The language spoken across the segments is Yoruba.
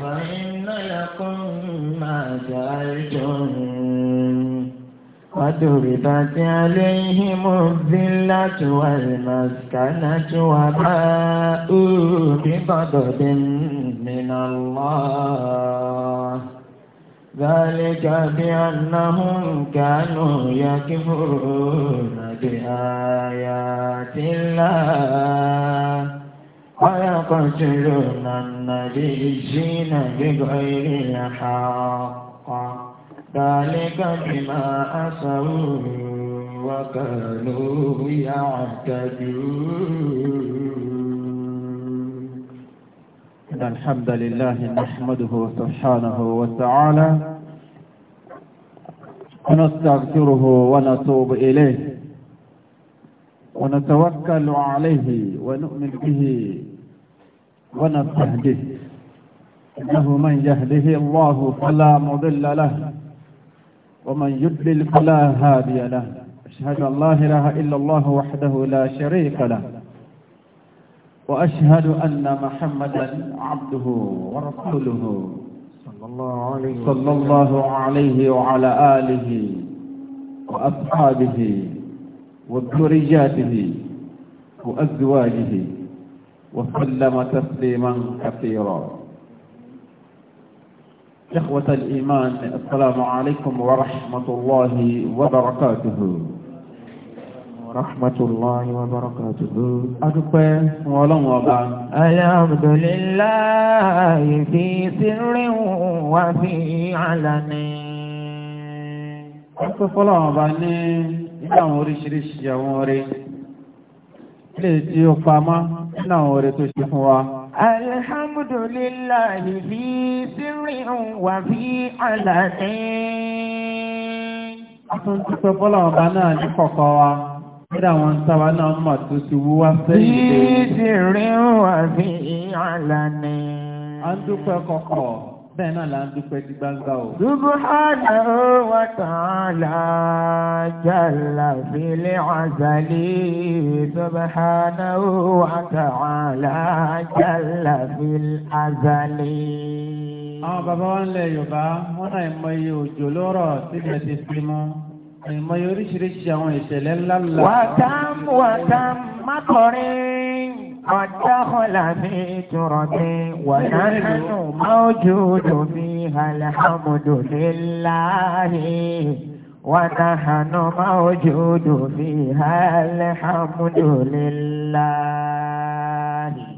فإن لكم ما سألتم وضربت عليهم الذلة والمسكنة وباءوا بغضب من الله ذلك بأنهم كانوا يكفرون بآيات الله ويقتلون النبيين بغير الحق ذلك بما أسوا وكانوا يعتدون الحمد لله نحمده سبحانه وتعالى ونستغفره ونتوب إليه ونتوكل عليه ونؤمن به ونستهديه إنه من يهده الله فلا مضل له ومن يضلل فلا هادي له أشهد أن لا إله إلا الله وحده لا شريك له وأشهد أن محمدا عبده ورسوله صلى الله عليه وسلم. صلى الله عليه وعلى آله وأصحابه وذرياته وأزواجه وسلم تسليما كثيرا إخوة الإيمان السلام عليكم ورحمة الله وبركاته ورحمة الله وبركاته أدوكي ولن وبا الحمد لله في سر وفي علن أدوكي فلان وبا ní ìgbà àwọn oríṣiríṣi àwọn nínú àwọn tó ṣe fún wa. alhamdulillahi fi sirrin wa fi alanin. a tún dúpẹ́ fọ́lọ́ọ̀bá náà ní kọ̀kọ̀ wa nígbà wọn sábà náà mọ̀ tó ti wú wá sẹ́yìn lé. fi sirrin wa fi alanin. a ń dúpẹ́ kọ̀kọ̀ bẹ́ẹ̀ náà là ń dúpẹ́ ti gbangba o. Subhanahu wa ta'ala jalla fil azali. Subhanahu wa ta'ala jalla fil azali. Àwọn bàbá wa ń lẹ Yorùbá, wọ́n náà ìmọ̀ òjò lọ́rọ̀ sílẹ̀ ti fi mú. Ìmọ̀ oríṣiríṣi àwọn ìṣẹ̀lẹ̀ ńláńlá. Wàtám wàtám mákọrin. ودخل في ترب ونحن موجود فيها الحمد لله ونحن موجود فيها الحمد لله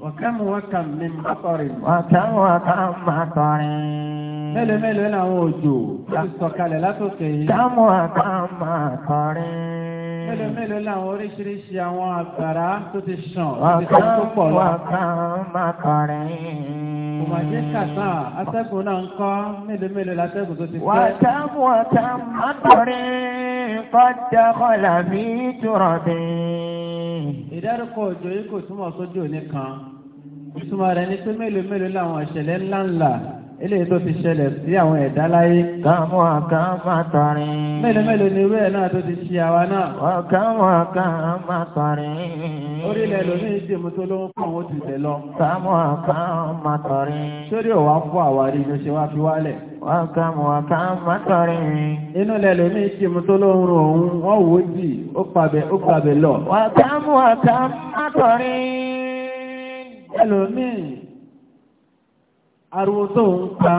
وكم وكم من مطر وكم وكم مطر mélòó mélòó làwọn òjò tó ti sọ̀kalẹ̀ látòkè yìí. dámọ̀ àkàmà kọrin mélòó mélòó làwọn oríṣiríṣi àwọn àgbàrá tó ti sàn láti tó tó pọ̀ lọ. wọ́n máa kọrin. kò máa jẹ́ kàtà atẹ́kùn náà ń kọ́ mélòó mélòó látẹ́kùn tó ti fẹ́. wọ́n tábù ọ̀tá máa kọrin kọ́jà kọlà bí tùrọ̀ bẹ́ẹ̀. ìdárúkọ òjò yìí kò túmọ̀ sójú òní kan ìtumọ̀ rẹ̀ ni pé mélòó làwọn ìṣẹ̀lẹ̀ ńláńlá eléyìí tó ti ṣẹlẹ̀ sí àwọn ẹ̀dá láyé. kàmú àká má tọrin. mélòó mélòó ni irú ẹ̀ náà tó ti ṣe àwa náà. kàmú àká má tọrin. orílẹ̀ lómi ìdìmú tó ló ń kàn ó ti tẹ̀ lọ. kàmú àká má tọrin. sórí ò wá fún àwa ló ṣe wá fi wálẹ̀. kàmú àká má inú ilẹ̀ lómi ìdìmú tó ló rún òun wọ́n wò ó jì ó pàbẹ ó pàbẹ lọ. kàmú àká má ẹlòmíì ariwo tó ń pa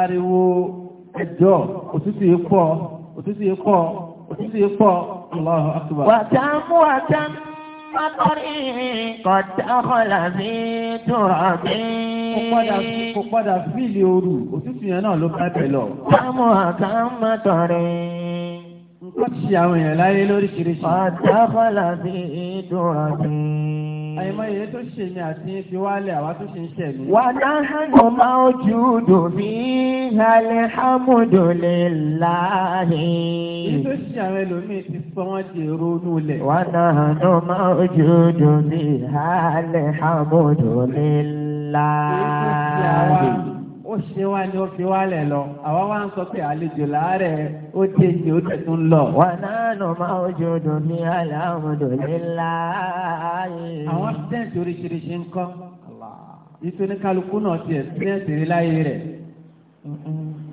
ariwo ẹjọ́ òtútù yìí pọ̀ òtútù yìí pọ̀ òtútù yìí pọ̀ Allahu akbar. wàtàmú wàtàmú mọ́tọ́rì kọ̀dákọ̀lá sí tùrọ̀bí. kò padà fíìlì ooru òtútù yẹn náà ló bá tẹ̀ lọ. wàtàmú wàtàmú mọ́tọ́rì nǹkan ti ṣe àwọn èèyàn láyé lóríṣiríṣi. ọ̀dọ́ sí ìdúró àyìnbó èyí tó ṣe ni àti fi wálẹ̀ àwa tó ṣe ń ṣẹ̀ mí. wà á hànà máa ń ju dùnmí alhamdulillahi. èyí tó ṣe àwọn ẹlòmíì ti sọ wọ́n di ronú lẹ̀. wà á hànà máa ń ju dùnmí alhamdulillahi. èyí tó ṣe àwa ṣe wá ní ó fi wálẹ̀ lọ àwa wá ń sọ pé àlejò láàárẹ̀ ó dé ní ó tẹ̀tún lọ. wà nánú máa ń jò dùn ní alhamdulillah. àwọn sẹ́ǹtì oríṣiríṣi ń kọ́ ìtòní kálukú náà tiẹ̀ sẹ́ǹtì rí láyé rẹ̀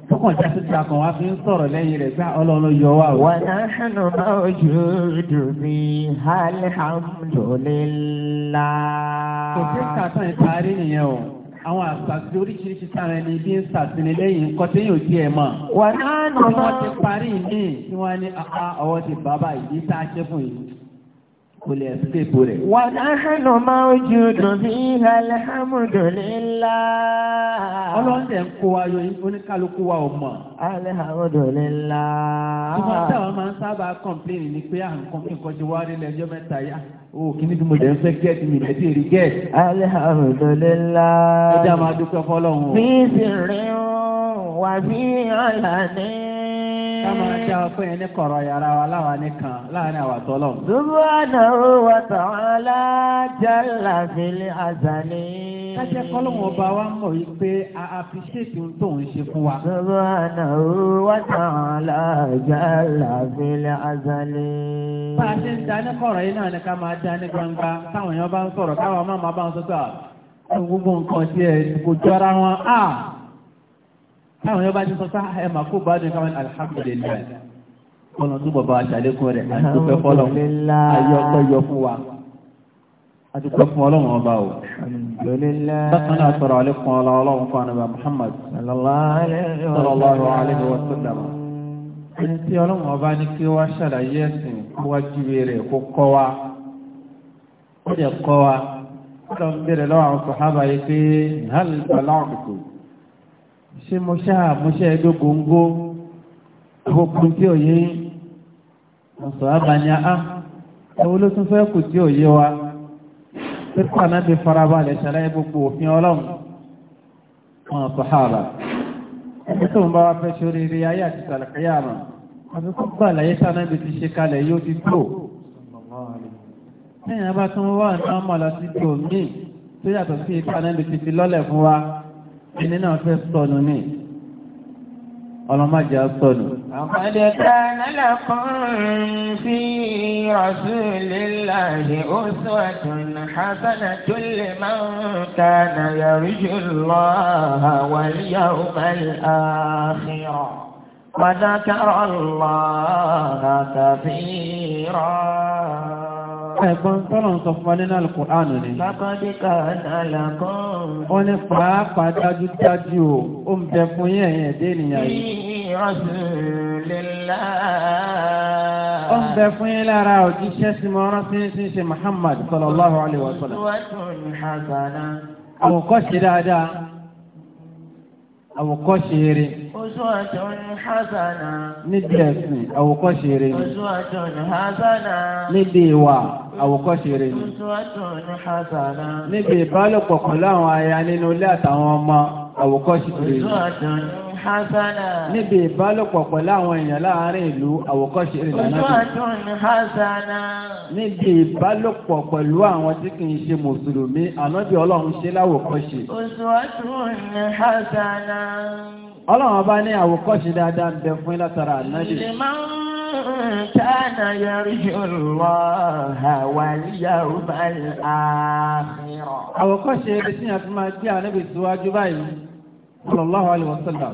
tọkàn jáde tí a kàn wá fi ń sọ̀rọ̀ lẹ́yìn rẹ̀ gbá ọlọ́run yọ wá o. wà á hànú máa ojú dùbí alihamudulila. kò sí kàtàn ìparí nìyẹn o àwọn àṣàṣì oríṣiríṣi sára ẹni bí ń ṣàṣìní lẹ́yìn nǹkan tí yóò tiẹ̀ mọ̀. wà á nà máa. ti parí ìmíì tí wọ́n ní ọwọ́ ti bàbá ìdí tá a ṣe fún yìí kò lè ṣèbò rẹ̀. wà láhánà máa ń ju dùn bí alhamdulillah. ọlọ́dẹ̀ ń kó wa yọ oníkálukú wa ò mọ̀. alhamdulillah. ìgbà táwọn máa ń sábà kọ̀m̀pléènì ni pé à ń kọ́ nǹkan ti wá rí lẹ́jọ́ mẹ́ta yá. o kì ní bí mo jẹ́ ń fẹ́ gẹ́ẹ̀tì mi lẹ́tì rí gẹ́ẹ̀tì. alhamdulillah. ọjà máa dúpẹ́ fọlọ́run o. bí sì rí wà sí ọ̀làní ká máa ṣe fún yẹn ní kọ̀rọ̀ yàrá wa láwọn nìkan láàrin àwọn àtọ́lọ̀. subhanahu wa ta'ala jalla fil azali. kájẹ́ kọ́lọ́mù ọba wa mọ̀ wípé a àfiṣètò tó ń ṣe fún wa. subhanahu wa ta'ala jalla fil azali. bá a ṣe ń dání kọ̀rọ̀ yìí náà ni ká máa dání gbangba táwọn èèyàn bá ń sọ̀rọ̀ káwọn máa máa bá wọn sọ ah, táwọn yóò ti sọ sáà ẹ̀ máa kó gbádùn káwọn alhamdulillah ọ̀nà tó bàbá àṣàlékún rẹ̀ àdúpẹ́ fọ́lọ̀ ayọ́pẹ́ yọ fún wa àdúpẹ́ fún ọlọ́run ọba o bákan náà sọ̀rọ̀ àlékún ọlọ́run fún ànàbà Muhammad ọlọ́run ọba ní kí wá ṣàlàyé ẹ̀sìn kó ṣé mo ṣáà mo ṣe é dógóńgó àkókò tí òye yín mo sọ àbànyà á ẹwọ ló tún fẹ́ kù tí òye wa pípa náà ti farabalẹ̀ ṣàlàyé gbogbo òfin ọlọ́run wọn sàhábà ẹni tó ń bá wa fẹ́ sórí rí ayé àti sàlàkìyà mọ́ àbí kó gbà láyé sáná ibi ti ṣe kalẹ̀ yóò ti tó lẹ́yìn abá tó ń wá nǹkan mọ̀ lọ sí tòmí tó yàtọ̀ sí ìtànẹ́bì ti fi lọ́lẹ̀ fún wa ẹni náà fẹ́ sọnù ní ọlọ́mọdé sọnù. Àkọ́dé kánà lakum fi rasulillahi uswatun hasanatun liman kana yarjullaha wal yawmal akhir. وذكر الله كثيرا Ẹ̀gbọ́n tọ́lọ̀ ń sọ fún wa nínú Alkùránù ni. Lákọ́dé kàánà làkọ́n. Ó ní pàápàá dájúdájú o, ó ń bẹ fún yín ẹ̀yin ẹ̀dá ènìyàn yìí. Ó ń bẹ fún yín lára òjíṣẹ́ sí mọ́ sí sí ṣe Muhammad sallallahu alaihi wa sallam. Àwọn àwòkọ́ṣe eré. Oṣù àjọ ni Hazana. Níbi ẹ̀sìn, àwòkọ́ṣe eré ni. Oṣù àjọ ni Hazana. Níbi ìwà, àwòkọ́ṣe eré ni. Oṣù àjọ ni Hazana. Níbi ìbálòpọ̀ pẹ̀lú àwọn aya nínú ilé àtàwọn ọmọ, àwòkọ́ṣe eré ni. Oṣù àjọ ni hasana. níbi ìbálòpọ̀ pẹ̀lú àwọn èèyàn láàárín ìlú àwòkọ́ṣe rẹ̀ lánàá. uswatun hasana. níbi ìbálòpọ̀ pẹ̀lú àwọn tí kì í ṣe mùsùlùmí ànábì ọlọ́run ṣe láwòkọ́ṣe. uswatun hasana. ọlọ́run bá ní àwòkọ́ṣe dáadáa ń bẹ fún látara tí a báyìí sallallahu alaihi wasallam.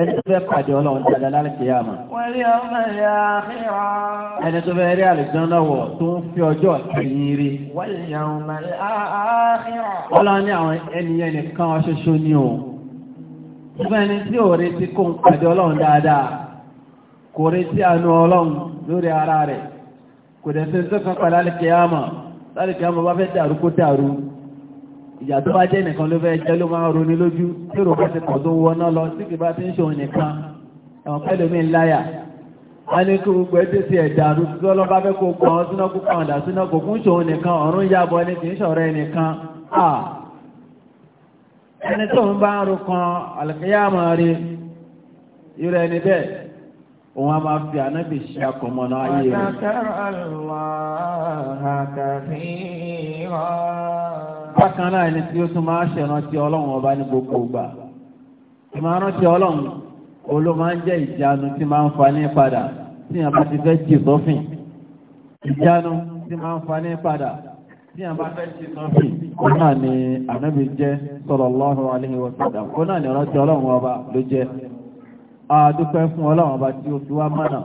ẹni tó fẹ́ pàdé ọlọ́run tí a lálẹ́ kìí àmà. wọ́n rí ọmọ ìyá àfihàn. ẹni tó fẹ́ rí àlùjọ náà wọ̀ tó ń fi ọjọ́ kìíní rí. wọ́n rí ọmọ ìyá àfihàn. ọlọ́run ní àwọn ènìyàn nìkan ṣoṣo ni o. ṣùgbọ́n ẹni tí ò retí kó ń pàdé ọlọ́run dáadáa kò retí àánú ọlọ́run lórí ara rẹ̀ kò dẹ̀ sí ní tó kan pàdé àlùkìí àmà. àlùkìí àmà bá fẹ́ dàrú kó dàrú ìyà tó bá jẹ́ nìkan ló fẹ́ jẹ́ ló máa ń lójú tí rò ti pọ̀ tó wọná lọ tí kì bá ti ń ṣòun nìkan ẹ̀wọ̀n pẹ́lú mi láyà a ní kí gbogbo ẹtí ti ẹ̀dà àrùtí ọlọ́ba fẹ́ kó gbọ́n ọ́ sínú kó pàǹdà sínú kò kún ṣòun nìkan ọ̀run yàbọ̀ ni kì í ṣọ̀rọ̀ ẹnìkan ẹni tó ń bá ń ro kan àlùkìyàmọ̀ rí irú ẹni bẹ́ẹ̀ òun a máa fi ànábì ṣe akọmọ̀nà ayé rẹ̀ bákan náà ẹni tí ó tún máa ṣèrántí ọlọ́run ọba ní gbogbo ìgbà ìmọ̀rántí ọlọ́run olú máa ń jẹ́ ìjánu tí máa ń fa padà tí yàn bá ti fẹ́ jì sọ́fìn ìjánu tí máa ń fa padà tí yàn bá fẹ́ jì sọ́fìn kó náà ni ànábì jẹ́ sallallahu alaihi wasallam kó náà ni rántí ọlọ́run ọba ló jẹ́ àdúpẹ́ fún ọlọ́run ọba tí ó fi wá mánà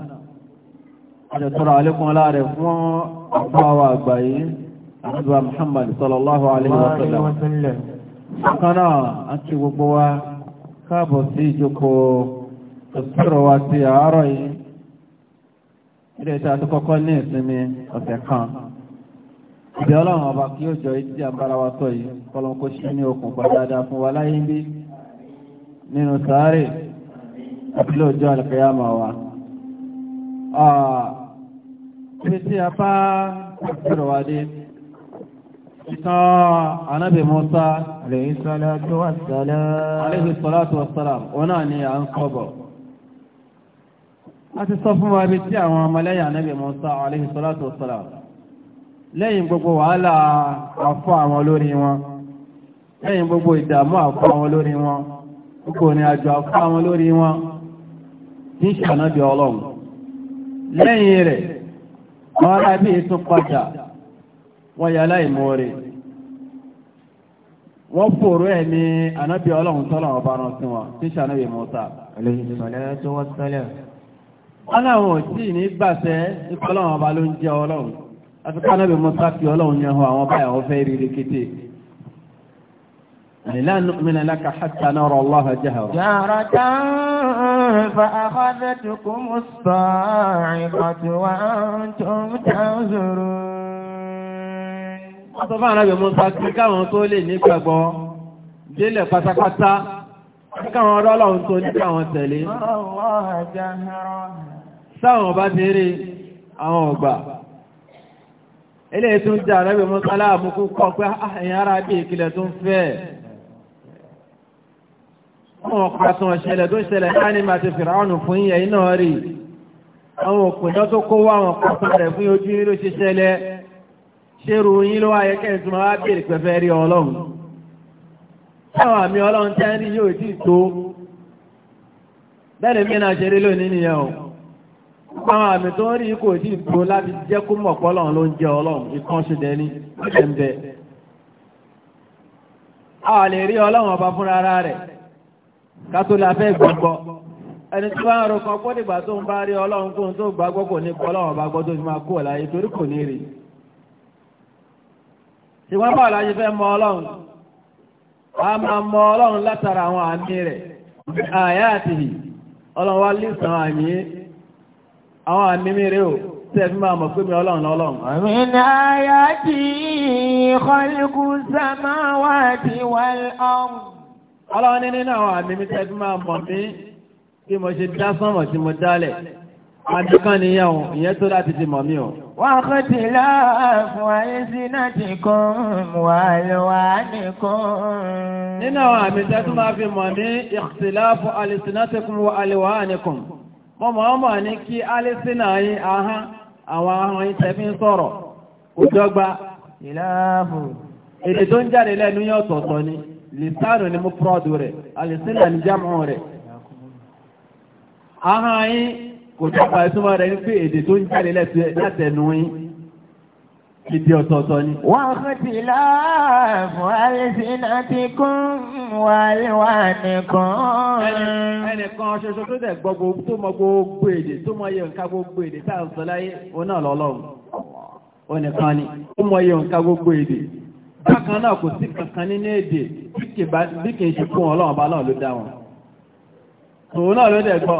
àjọ̀tọ́rọ̀ àlékún àdúrà Muhammad sallallahu alayhi wa sallam. ọ̀kan náà a kí gbogbo wa káàbọ̀ sí ìjókòó ìṣòro wa ti àárọ̀ yìí ilé iṣẹ́ àtúkọ́kọ́ ní ìsinmi ọ̀sẹ̀ kan ìbí ọlọ́run ọba kí ó jọ ìdí àbára wa sọ yìí kọlọ́n kó ṣe ní okùn pa dáadáa fún wa láyé ń bí nínú sàárè àti lóòjọ́ àlùkìyámà wa. ibi tí a bá ṣòro wa dé ìtàn anábì Musa alayhi salatu wa salam alayhi salatu wa salam ọ̀nà ni a ń kọ́bọ̀ a ti sọ fún wa bí tí àwọn ọmọlẹ́yìn anábì Musa alayhi salatu wa salam lẹ́yìn gbogbo wàhálà àfọ́ àwọn olórí wọn lẹ́yìn gbogbo ìdààmú àfọ́ àwọn olórí wọn gbogbo ní àjọ àfọ́ àwọn olórí wọn ní ṣànábì ọlọ́run lẹ́yìn rẹ̀ wọ́n rábí ìtún padà wọ́n yẹ aláìmoore wọ́n fòrò ẹ̀ ní anábì ọlọ́run tọ́lọ̀ ọba ran sí wọn tí sànàbì Mùsá. aláwọn ò tí ní gbàṣẹ ipò ọlọ́run ọba ló ń jẹ ọlọ́run àti kánàbì Mùsá fi ọlọ́run yẹn hàn àwọn báyà wọ́n fẹ́ rí rí kété. لا نؤمن لك حتى نرى الله جهرا جهرة فأخذتكم الصاعقة وأنتم تنظرون Àtọ́fà àrábì Musa ti káwọn tó lè ní gbàgbọ́ délẹ̀ pátápátá káwọn ọ̀rọ̀ ọlọ́run tó ní káwọn tẹ̀lé. Sáwọn ọba ti rí àwọn ọgbà. Ilé tún jẹ́ àrábì Musa láàmúkú kọ́ pé ah, ẹ̀yìn ara bí ìkìlẹ̀ tó ń fẹ́. Àwọn ọ̀pá tó ń tó ṣẹlẹ̀ láàrin máa ti fìràwọ̀nù fún yẹ̀ iná rí. Àwọn òpìnà tó kó wá àwọn ọ̀pá tó rẹ̀ fún ojú ní ló ṣiṣẹ́lẹ̀ ṣerú yín ló wáyé kẹ́ǹtì máa bèèrè pẹ̀fẹ́ rí ọlọ́run táwọn àmì ọlọ́run tẹ́ rí yóò tí tó bẹ́ẹ̀ mi náà ṣeré lónìí nìyẹn o àwọn àmì tó ń rí kò tí tó láti jẹ́ kó mọ̀ pọ́lọ́run ló ń jẹ́ ọlọ́run ìkànṣe dẹni ẹ̀ǹbẹ̀ a lè rí ọlọ́run ọba fúnra ara rẹ̀ ká tó la fẹ́ gbọ́gbọ́ ẹni tí wọ́n rọ kan kó dìgbà tó ń bá rí ọlọ́run kó tó gbàgbọ́ kò ní pọ́lọ́run ọba gbọ́ tó fi máa kó ọ̀la yìí torí kò ní rí ṣùgbọ́n báwo la ṣe fẹ́ mọ ọlọ́run a máa mọ ọlọ́run látara àwọn àmì rẹ̀ àyà àtìhì ọlọ́run wá lìsàn àmì àwọn àmì mìíràn o tẹ́fí máa mọ̀ pé mi ọlọ́run lọ́lọ́run. Àmìn àyà ti kọ́lùkù samáwàtí wàlọ́run. Ọlọ́run ní nínú àwọn àmì mi tẹ́fí máa mọ̀ mí bí mo ṣe dá sánmọ̀ tí mo dálẹ̀. Àjọkán ni yẹ́ òun, ìyẹ́ tó láti ti mọ̀ mí o. Wọ́n kọ́ ti láàfún àìsí náà ti kún wà lọ́wà nìkan. Nínú àwọn àmì tẹ́ tó máa fi mọ̀ ní ìṣìláàfún alìsìnátẹ́kùn wà lọ́wà nìkan. Mọ́ mọ́ mọ̀ ní kí alìsìnà yìí ahán àwọn ahán ìtẹ́ fi ń sọ̀rọ̀. Òjọ́gba. Ìlàáfún. Èdè tó ń jáde lẹ́nu yẹ́ ọ̀tọ̀ọ̀tọ̀ ni. Lìsánù ni mú prọ́dù rẹ̀, alìsìnà ni jámù rẹ̀. Ahán yìí kò tọ́pa ìtumọ̀ rẹ̀ ní pé èdè tó ń jáde látẹnu yín ìdí ọ̀tọ̀ọ̀tọ̀ ni. wọ́n kò tí láàfún àlẹ́sìnà ti kún wà lẹ́wà nìkan. ẹnìkan ṣoṣo tó dẹ̀ gbogbo tó mọ gbogbo èdè tó mọ iye nǹkan gbogbo èdè tá à ń sọ láyé òun náà lọ́lọ́run onìkan ni ó mọ iye nǹkan gbogbo èdè bákan náà kò sí kankan nínú èdè bí kì í ṣe fún ọlọ́run bá náà ló dá wọn. òun náà ló dẹ̀ gbọ́.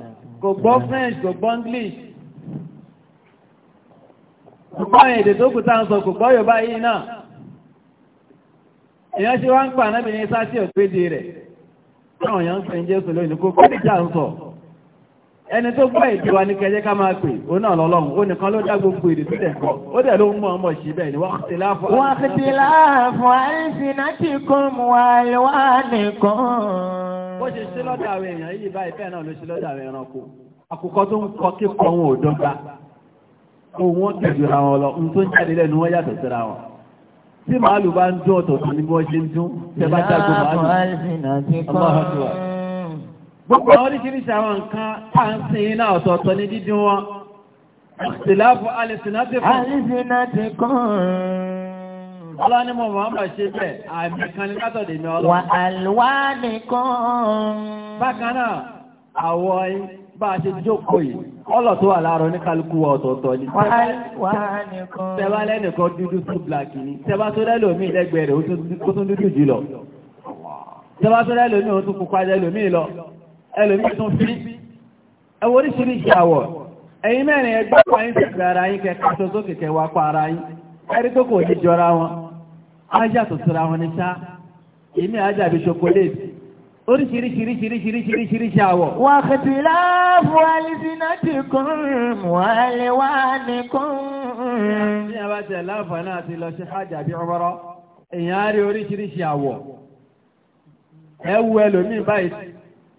kò gbọ́ French kò gbọ́ English kò gbọ́ èdè tó kù táwọn kò gbọ́ Yorùbá yìí náà èyàn ṣe wá ń pa anábìnrin sá sí òpédè rẹ̀ táwọn èèyàn ń pè ń kò kọ́ ẹni tó gbọ́ èdè wa ní kẹjẹ́ ká máa pè ó náà lọ́lọ́run ó nìkan ló dá gbogbo èdè tó tẹ̀kọ́ ó dẹ̀ ló ń mọ́ ọmọ sí bẹ́ẹ̀ ni waqtilafu waqtilafu alsinatikum wa alwanikum. ó ṣe ṣe lọ́dọ̀ àwọn èèyàn yìí báyìí bẹ́ẹ̀ náà ló ṣe lọ́dọ̀ àwọn ẹranko àkùkọ tó ń kọ kíkọ wọn ò dọ́gba ohun wọn kẹjù ra wọn lọ ohun tó ń jáde lẹ́nu wọn yàtọ̀ síra wọn tí màálù bá ń dún ọ̀tọ̀ọ̀tọ̀ ní bí wọ́n ṣe ń dún tẹ́ bá dágbó màálù gbogbo àwọn oríṣiríṣi àwọn nǹkan tá ń sin iná ọ̀tọ̀ọ̀tọ̀ ní dídín wọn ìsìláàfù alìsìnáàtì fún alìsìnáàtì kan ọlọ́nimọ̀ mọ̀ọ́mọ̀ ṣe bẹ̀ àmì kan ní látọ̀dẹ̀ mi ọlọ́ wà àlùwá nìkan bákan náà àwọ̀ bá a ṣe jókòó yìí ọlọ̀ tó wà láàárọ̀ ní kálukú ọ̀tọ̀ọ̀tọ̀ ni tẹ́bá lẹ́nìkan dúdú tó black ni tẹ́bá tó rẹ́ lómi lẹ́gbẹ̀ẹ́ rẹ̀ ó tún dúdú jù lọ tẹ́bá tó rẹ́ lómi ó tún pupa jẹ́ lómi lọ ẹlòmí tún fi ẹwọ oríṣiríṣi àwọ̀ ẹ̀yin mẹ́rin ẹgbẹ́ pa yín sẹ̀gbẹ̀ ara yín kẹ káṣọ sókè kẹ wá pa ara yín ẹ̀rí tó kò ní jọra wọn ájá tó sọra wọn ní sá èmi ájá bíi ṣokoléètì oríṣiríṣiríṣiríṣiríṣiríṣiríṣi àwọ̀. wàkàtìlá fúwálísínàtì kún wàlíwá ní kún. ní a bá tẹ̀ láǹfààní àti lọ sí hajj àbí ọmọrọ èèyàn á rí oríṣiríṣi àwọ̀ ẹ wù ẹlòmíì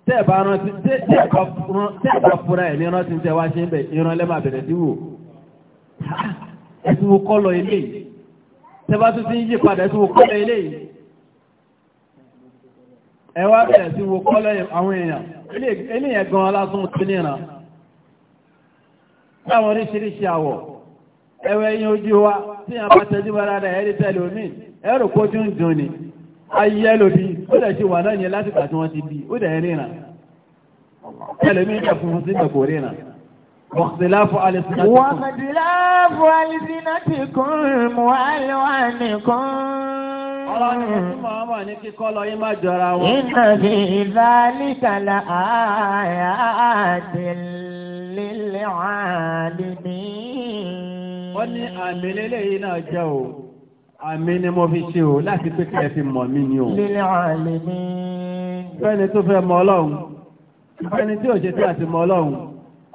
tẹ́ẹ̀bá fúnra ẹ̀ ní rántí tẹ́ wá ṣe ń bẹ̀ ìrànlẹ́ máa bẹ̀rẹ̀ sí wò ẹ̀sùn wo kọ́ lọ ilé yìí tẹ́bá tún ti ń yí padà ẹ̀sùn wo kọ́ lọ ilé yìí ẹ wá bẹ̀rẹ̀ sí wo kọ́ lọ àwọn èèyàn eléyẹn gan alásùn tó níran láwọn oríṣiríṣi àwọ̀ ẹwẹ́ yín ojú wa tí yàn bá tẹ́jú bá dáadáa ẹ̀rí tẹ́lẹ̀ omi ẹ̀rù kójú ń dùn ni ayé lòdì ó dẹ̀ ṣe wà náà yẹn láti pàtí wọ́n ti bí ó dẹ̀ ríran ẹlẹ́mí ìjà fún sí ìgbà kò ríran wàkìláàfù alẹ́sìnà ti kún wàkìláàfù alẹ́sìnà ti kún mú àlùwà nìkan. ọlọ́run tí màmá ní kíkọ́ lọ yín má wọ́n ní àmì lélẹ́yìn náà jẹ́ o. Àmì ni mo fi ṣe o láti pé kí ẹ fi mọ̀ mí ni o. Lílẹ̀ àlè mi. Fẹ́ni tó fẹ́ mọ Ọlọ́run. Fẹ́ni tí ò ṣe tí àti mọ Ọlọ́run.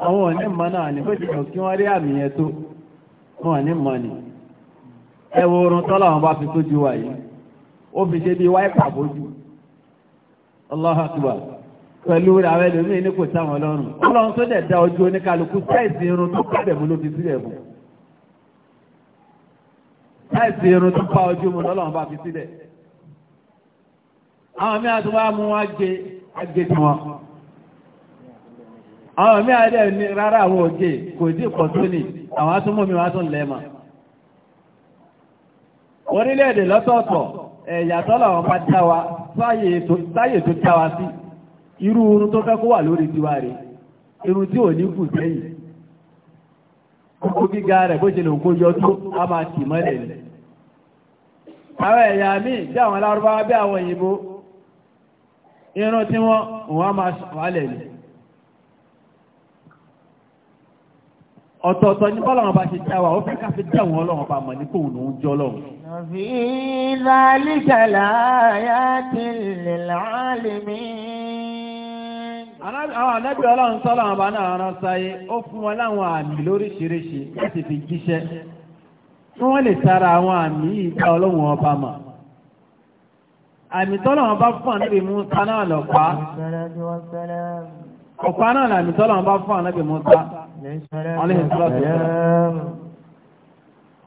Àwọn ò ní mọ̀ náà ní bójú kò kí wọ́n rí àmì yẹn tó. Wọ́n ò ní mọ̀ ni. Ẹ wo orun tọ́lọ̀ wọn bá fi tójú wa yìí. Ó fi ṣe bí wáìpà bójú. Allahu Akbar. Pẹ̀lú àwọn ẹlòmíín ní kò sáwọn Ọlọ́run. Ọlọ́run tó dẹ̀ da ojú oníkàlùkù sẹ́ẹ̀sì irun tó kábẹ̀ láìsí irun tó pa ojú mu lọ́lọ́run bá fi sílẹ̀ àwọn mí àti wá mú wá gé agé tí wọn àwọn mí àdẹ ní rárá àwọn òjè kò dí pọ̀ tó ní àwọn atúmọ̀mí wá tún lẹ́ẹ̀mà orílẹ̀-èdè lọ́tọ̀ọ̀tọ̀ ẹ̀yà tọ́lọ̀ wọn bá dá wa sáyè tó dá wa sí irú irun tó kẹ́kọ̀ọ́ wà lórí tiwa rẹ̀ irun tí ò ní kù sẹ́yìn kókó gíga rẹ̀ bó ṣe lè kó yọ a máa tì mọ́lẹ̀ lẹ̀ àwọn ẹ̀yà míì bí àwọn lárúbáwá bí àwọn òyìnbó irun tí wọ́n wọ́n máa wálẹ̀ ní ọ̀tọ̀ọ̀tọ̀ ní bọ́lọ̀wọ́n bá ṣe jáwà ó fẹ́ ká fi jẹ́ bá mọ̀ ní kò ní jọ lọ́wọ́ tí wọ́n lè tara àwọn àmì ìgbà ọlọ́run ọba mà àmì tọ́lọ́run bá fún ànábì Mùsá náà lọ́pá ọ̀pá náà làmì tọ́lọ́run bá fún ànábì Mùsá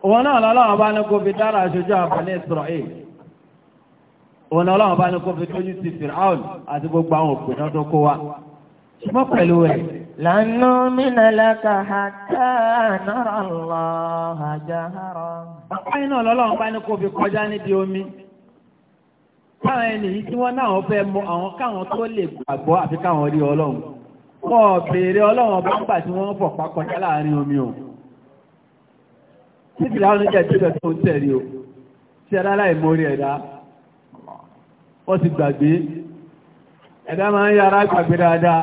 òun náà lọ́lọ́run bá ní kó fi dára aṣojú àbálẹ̀ Ísírẹ́lì òun náà lọ́lọ́run bá ní kó fi tójú ti Fìràún àti gbogbo àwọn òpin náà tó kó wa ṣùgbọ́n pẹ̀lú ẹ̀ لن نؤمن لك حتى نرى الله جهرا báyìí náà lọ́lọ́run bá ní kó fi kọjá níbi omi káwọn ènìyàn tí wọ́n náà fẹ́ mọ àwọn káwọn tó lè gbàgbọ́ àfi káwọn rí ọlọ́run wọ́n béèrè ọlọ́run bá ń gbà tí wọ́n fọ̀ pákọjá láàrin omi o títí láwọn oúnjẹ tí ó tó ń tẹ̀rí o tí ẹ̀dá láì mórí ẹ̀dá wọ́n ti gbàgbé ẹ̀dá máa ń yára gbàgbé dáadáa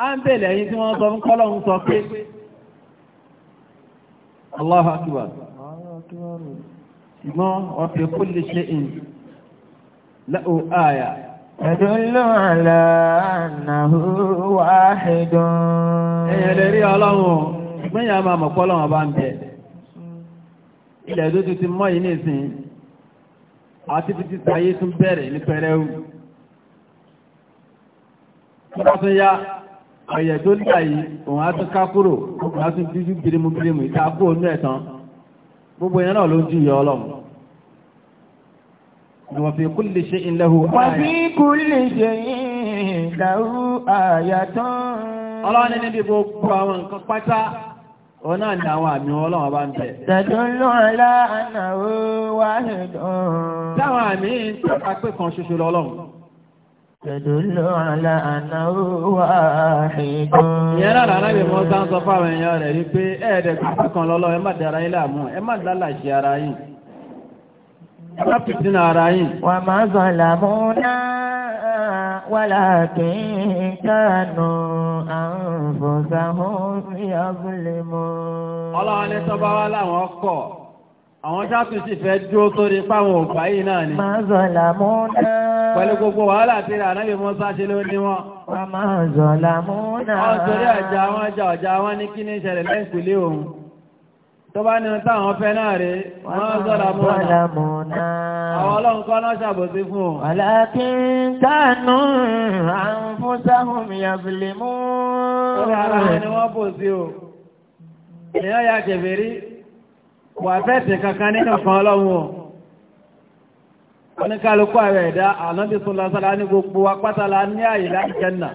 a ń bèèrè ẹ̀yìn tí wọ́n sọ fún kọ́lọ́hún sọ pé Allahu akbar ṣùgbọ́n ọ̀fẹ́ kó lè ṣe in lẹ́ò ààyà ẹ̀dùnlọ́ àlàáhù wáhìdùn ẹ̀yẹ̀ lè rí ọlọ́run gbẹ́yà máa mọ̀ kọ́lọ́hún bá ń bẹ ilẹ̀ tó ti mọ́ yìí nìsín àti fi ti sàyé tún bẹ̀rẹ̀ ní pẹrẹu tó bá tún yá ọ̀yẹ̀ tó nígbà yìí òun á tún ká kúrò òun á tún bíbí ìta kú òun náà tán gbogbo yẹn náà ló ń júyọ ọlọ́run وفي كل شيء له آية وفي كل شيء له آية ọlọ́run níbi gbogbo àwọn nǹkan pátá òun náà ni àwọn àmì ọlọ́run bá ń bẹ. tẹ̀dúnlọ́ ọ̀la àná ó wáhìdùn. táwọn àmì ń tọ́ka pé kan ṣoṣo lọ́lọ́run. تدل على أنه واحد yẹn náà nàá bí wọ́n sáń sọ fáwọn èèyàn rẹ̀ rí pé ẹ̀ẹ́dẹ̀gbẹ̀ta kan lọ́lọ́ ẹ má dára yín ara yín ẹ má pìtínà ara yín. wà ma àwọn sáàtù sì fẹ́ dúró tó páwọn ògbà yìí náà ni. máa zọ̀là mú náà. pẹ̀lú gbogbo wàhálà tí rà náà bí mo sáṣe ló ní wọn. máa zọ̀là mú náà. wọ́n torí ọjà wọn jà ọjà wọn ní kí ìṣẹ̀lẹ̀ lẹ́kùnlé òun. tó bá ní táwọn fẹ́ náà rí máa zọ̀là mú náà. àwọn ọlọ́run kọ́ náà ṣàbòsí fún un. wàlákin kánú àǹfọ̀sáhùn yàbìlì mú. ó wà te kankan nínú kan ọlọ́run oníkálukú ààrẹ ẹ̀dá ànábì sọlọ́sọ́lá ní gbogbo apátálá ní àyè láti jẹ́nà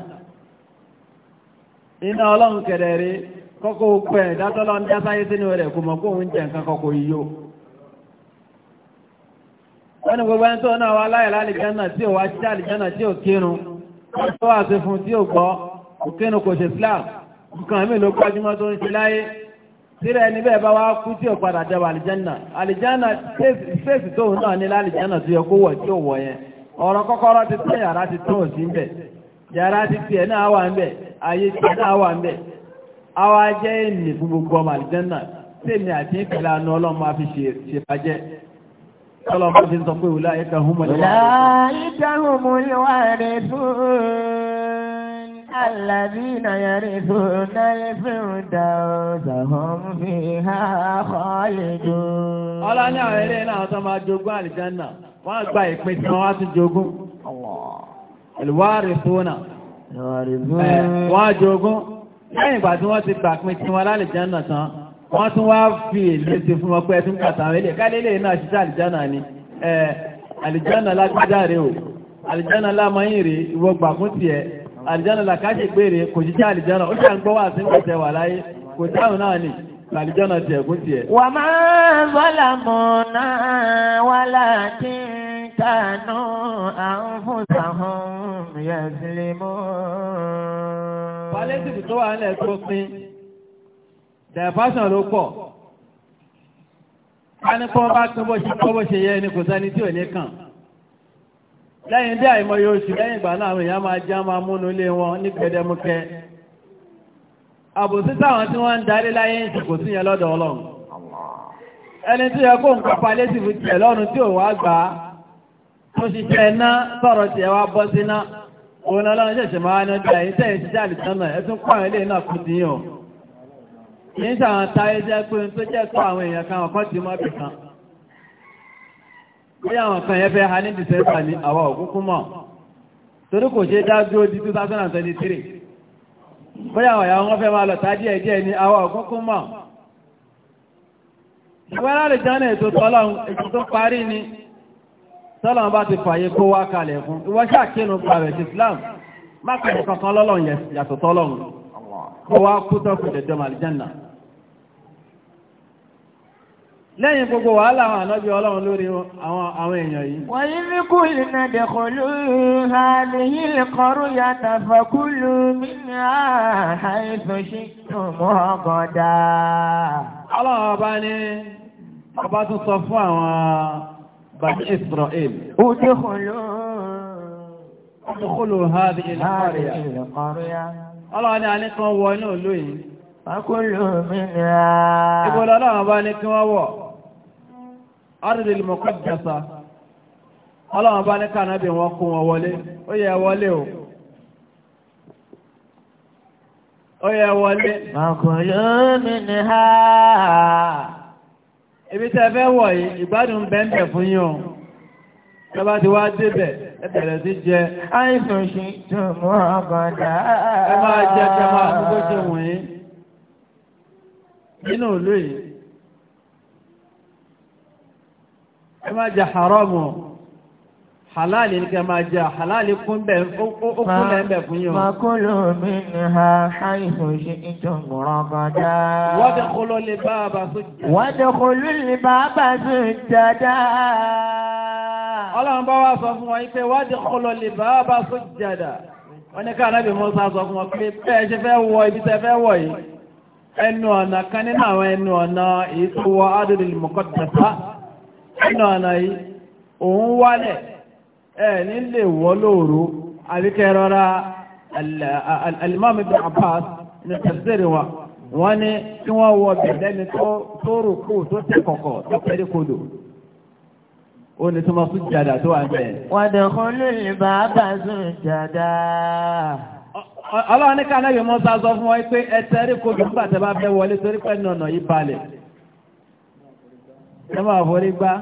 iná ọlọ́run kẹ̀rẹ̀ rí kọ́kọ́ ogun ẹ̀dá tọ́lọ́ ń dá sínú rẹ̀ kò mọ̀ kó ń nǹkan kọ́kọ́ yíyó wọ́n ní gbogbo ẹni tó náà wá tíra ẹni bẹ́ẹ̀ bá wá kú tí ò padà jẹba àlìjánà àlìjánà fèsì tó náà ní lálìjánà tó yẹ kó wọ̀ tí ó wọ̀ yẹn ọ̀rọ̀ kọ́kọ́rọ́ ti tẹ́ yàrá ti tó sí ń bẹ̀ yàrá ti tiẹ̀ náà wà ń bẹ̀ ayé tiẹ̀ náà wà ń bẹ̀ awa jẹ́ fún gbogbo ọmọ tèmi àti ìpìlẹ̀ الذين يرثون الفردوس هم فيها خالدون ọlá ní àwọn eré náà tó máa jogún àlìjánà wọ́n gba ìpín tí wọ́n wá tún jogún ìwárìfónà wọ́n jogún lẹ́yìn ìgbà tí wọ́n ti gbà pín tí wọ́n lálìjánà tán wọ́n tún wá fi èlé ti fún wọn pé ẹtún pàtàkì ilé kálílé náà ṣiṣẹ́ àlìjánà ni àlìjánà lágbájáre o àlìjánà lámọ́yìn rèé ìwọ gbà fún tiẹ̀ àlìjánà làkáṣì péré kò jíjẹ́ àlìjánà ó ṣe ń gbọ́ wà sí ìpàtẹ̀ wà láyé kò táwọn náà ni àlìjánà ti ẹ̀kún ti ẹ̀. wà máa ń bọ́là náà wà láti kánú àwọn fúnṣàhún yẹ̀sìlímù. pálẹ́tìfù tó wà lẹ́yìn bí àìmọ̀ yóò sì lẹ́yìn ìgbà náà àwọn èèyàn máa jẹ́ máa múnú ilé wọn ní gbẹdẹmukẹ àbòsí táwọn tí wọ́n ń darí láyé ń sì sí yẹn lọ́dọ̀ ọlọ́run ẹni tí yẹ létí fi tiẹ̀ lọ́run tí ò wá gbà á tó ṣiṣẹ́ sọ̀rọ̀ wá bọ́ òun ọlọ́run ṣẹ̀ṣẹ̀ máa ẹ̀ tún kọ́ àwọn bóyá àwọn kan yẹn fẹ́ ha ní dìsẹ́sà ní àwa òkúkú mọ̀ torí kò ṣe dájú di 2023 bóyá àwọn ìyàwó wọn fẹ́ máa lọ tá díẹ̀ díẹ̀ ní àwa òkúkú mọ̀ ìwọ́n láti jáná ètò tọ́lọ́run ètò tó parí ni tọ́lọ́run bá ti fàyè kó wá kalẹ̀ fún ìwọ́n ṣàkínú pàrẹ̀ sí Islam má kàlẹ̀ kankan lọ́lọ́run yàtọ̀ tọ́lọ́run kó wá kú tọ́kù dẹ̀dẹ̀ màlìjánà lẹ́yìn gbogbo wàhálà àwọn ànábí ọlọ́run lórí àwọn èèyàn yìí. wọ́n yí ní kú ìlànà dẹ̀kọ̀lú ààrẹ yìí lè kọrú yàtà fàkúlù nínú àìsàn sí ọmọ ọgọ́dá. ọlọ́run ọba ní ọba tún sọ fún àwọn bàbá Israel. ó dẹ̀kọ̀lú. ó dẹ̀kọ̀lù ààrẹ ìlú kọrúyà. ọlọ́run ní alẹ́ kan wọ inú ìlú yìí. Fàkúlù mi ni a. Ìbọ̀lọ́lọ́run bá ní kí wọ́n wọ̀ arìnrìn mọ̀kọ́ jẹta ọlọ́wọ́n bá ní kànáàbì wọn kún wọn wọlé ó yẹ wọlé o ó yẹ wọlé ọkùnrin omi ni ha ibi tẹ́ fẹ́ wọ̀ yìí ìgbádùn bẹ́ẹ̀ fún yín o tọ́ba ti wá débẹ̀ ẹ bẹ̀rẹ̀ sí jẹ àìsàn ṣe tó mọ́ ọ̀gọ̀dá ẹ máa jẹ kẹ́ máa gbogbo ṣe wọ̀nyí nínú òlú yìí ẹ má jẹ haramu halali ní kẹ máa jẹ halali kún bẹ̀ ókúnlẹ̀ bẹ̀ fún yín. makolo mi ni ha haifu ṣe ìjọ mọ̀rọ̀gọ́dá. wọ́dẹ̀ kolo lè bá a bá so jẹ́. wọ́dẹ̀ kolo lè bá a bá so jẹ́ dáadáa. ọlọ́run bá wa sọ fún wa yìí pé wọ́dẹ̀ kolo lè bá a bá so jẹ́ wọ́n ní ká anábì Mùsá sọ fún wa pé bẹ́ẹ̀ ṣe fẹ́ wọ ibi tẹ́ fẹ́ wọ yìí ẹnu ọ̀nà kan nínú àwọn ẹnu ọ̀nà èyí tó wọ adúlùmọ̀kọ́dẹ̀ta nínú ọ̀nà yìí òun wálẹ̀ ẹ̀ nílé wọ́ lóòrò àbíkẹ́ rọra alimami bin abbas ní tafsiri wa wọ́n ní kí wọ́n wọ bẹ̀rẹ̀ ní tó rò kó tó tẹ̀ kọ̀kọ̀ tó pẹ́rí kodò ó ní tó máa fún jàdà tó wà bẹ́ẹ̀. wàdà kọ́lù lè bá jàdà. ọlọ́run ní ká náà yóò mọ́ sá sọ fún wọn pé ẹ tẹ́rí kodò nígbà tẹ́ bá fẹ́ wọlé torí pẹ́ nọ̀nà yìí balẹ̀. ẹ máa gbá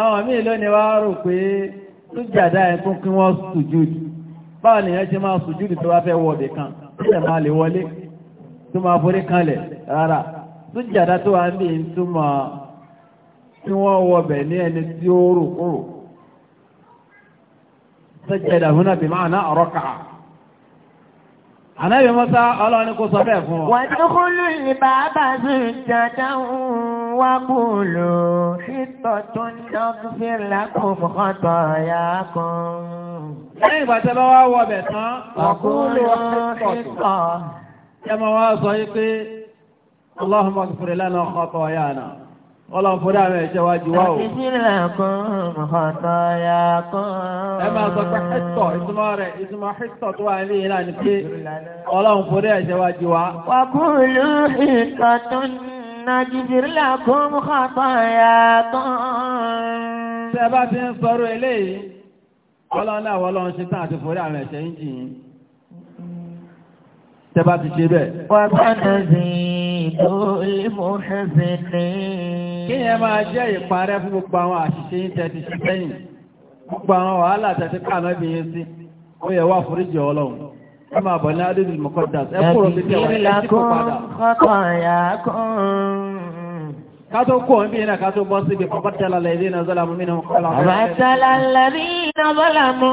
àwọn míì lónìí wá rò pé tó jàdá ẹkún kí wọ́n sùjúdù báwọn èèyàn ṣe máa sùjúdù tó wá fẹ́ kan ilẹ̀ máa lè wọlé tó máa forí kanlẹ̀ rárá tó jàdá tó wá ń ìtumọ̀ tí wọ́n wọ̀bẹ̀ ní ẹni tí ó rò kúrò na húnà bí máa ná ọ̀rọ̀ kàá Ànábì Mùsá ọlọ́ni kò sọ bẹ́ẹ̀ fún wọn. Wọ́n tó kú lù ní bàbá zùjọ́dá wà kú lò ṣítọ̀ tó ń dọ́gbù fi lákùn fọ́kàntọ̀ ya kan. Lẹ́yìn ìgbà tẹ́ wá wọ bẹ̀ tán, wà lò ṣítọ̀. Ẹ máa wá sọ yí pé, Allahumma ighfir lana khataayana. Ọlọ́run fún dáàmẹ́ ìṣẹ́ wá jù wá o. Àtìsílẹ̀ kún ọ̀tọ̀ ya kún. Ẹ máa sọ pé ẹ̀tọ̀ ìtumọ̀ rẹ̀ ìtumọ̀ ẹ̀tọ̀ tó wà ní ìlà ní pé Ọlọ́run fún dáàmẹ́ ìṣẹ́ wá jù wá. Wàkúlù ìtọ̀ tó ná jìbìrìlà kún ọ̀tọ̀ ya kún. Tẹ́ bá ti ń sọ̀rọ̀ eléyìí, Ọlọ́run náà wọ́n lọ́n ṣe tán àti fún dáàmẹ́ ìṣẹ́ ń jìn yín tẹ́bá ti ṣe bẹ́ẹ̀. wà bọ́nà sí ìlú ìmúhẹ́sẹ̀ ní. kí ẹ máa jẹ́ ìparẹ́ fún gbogbo àwọn àṣìṣe tẹ́ ti ṣe sẹ́yìn gbogbo àwọn wàhálà tẹ́ kànáà bí yẹn sí ó yẹ wá foríjì ọlọ́run ẹ máa bọ̀ ní adébìlì mọ́kọ́dà ẹ kúrò sí kẹwàá ẹ sì kò padà kátó kó ń bí iná kátó bọ́ síbi pàpàtàlà lè dínà zọ́là mú mínú kọ́lá. pàpàtàlà lè dínà zọ́là mú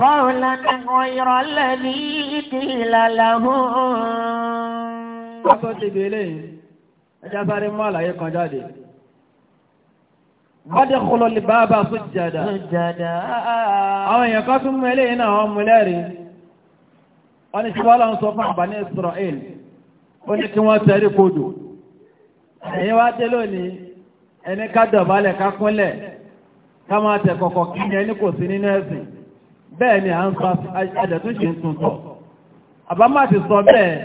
kọ́lá kọ́ ìrọ̀ lè ní ìdílà làwọn. kátó ti bí eléyìí ẹja sáré mú àlàyé kan jáde. wọ́n kọ́lọ́ lè bá a bá fún jàdá. àwọn èèyàn kan tún mú eléyìí náà wọ́n mú lẹ́rìí. wọ́n ní Israel. ó ní kí wọ́n tẹ̀rí kodò. ẹ̀yin wá dé lónìí ẹni ká dọ̀bálẹ̀ ká kúnlẹ̀ ká máa tẹ̀ kọ̀kọ̀ kí ni ẹni kò sí nínú ẹ̀sìn bẹ́ẹ̀ ni à ń sọ àjẹ̀túnṣe ń tuntọ̀ àbámá ti sọ bẹ́ẹ̀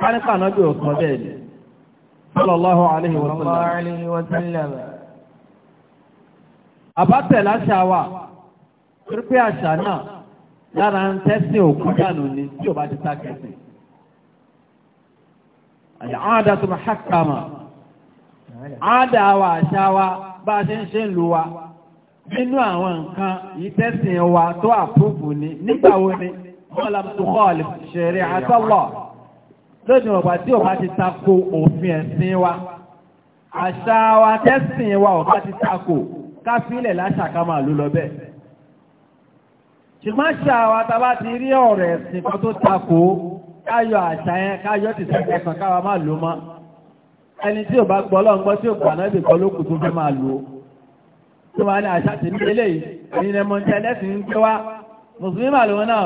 kánípà náà bí ò sọ bẹ́ẹ̀ ni sallallahu alaihi wa àbátẹ̀ láṣà wà pípẹ́ àṣà náà lára ń tẹ́sí òkú dànù ni tí ò bá ti sá kẹsìn àdáàdàtò mahakama àdáwà àṣáwà bá ṣe ń ṣe ń lò wa nínú àwọn nǹkan ìtẹ́sìn wa tó àpúrúfù ní nígbàwo ni wọ́n lam tó kọ́ọ̀lù ṣẹ̀rí àtọ́lọ̀ lónìí ọ̀pá tí ọ̀pá ti tako òfin ẹ̀sìn wa àṣà wa tẹ́sìn wa ọ̀pá ti tako káfílẹ̀ láṣà ká máa lú lọ bẹ́ẹ̀ ṣùgbọ́n àṣà wa tá bá ti rí ọ̀rọ̀ ẹ̀sìn kan tó tako káyọ̀ àṣà yẹn ti sẹ́kẹ̀ kan ma máa lò mọ́ ẹni tí ò bá gbọ́ lọ́n tí ò gbà náà lè lókù tó fẹ́ máa lò ó tó wà ní àṣà tí ní eléyìí ní ilẹ̀ mọ̀ntí ẹlẹ́sìn ń gbé wá mùsùlùmí náà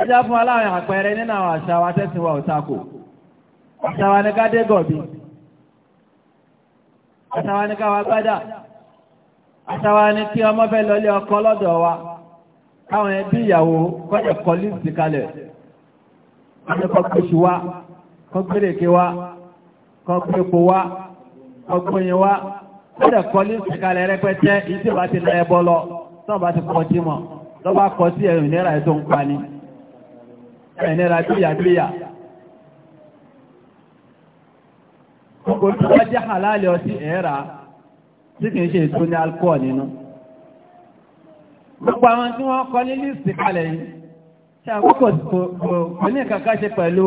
ẹ já fún àpẹẹrẹ nínú àwọn àṣà wa tẹ́sìn wa àṣà wa káwọn ẹbí ìyàwó kọ́jẹ̀ kọ líìsì kalẹ̀ kọ́jẹ̀kọ́ kóṣù wá kọ́ gbéreke wá kọ́ gbépo wá kọ́ gbóyin wá kọ́jẹ̀ kọ líìsì kalẹ̀ rẹpẹtẹ ìdí bá ti lẹ́ bọ́ lọ tọ́ bá ti kọ́ sí mọ̀ tọ́ bá kọ́ sí ẹ̀rùn náírà tó ń pa ni ẹ̀rùn náírà bíyà bíyà. tí wọ́n jẹ́ halálẹ̀ ọtí ẹ̀ẹ́ra tí kì í ṣe ìtúni alkọ́ọ̀ nínú. Gbogbo àwọn tí wọ́n kọ́ ní líìsì kalẹ̀ yìí, ṣe àkókò kò ní kàkà ṣe pẹ̀lú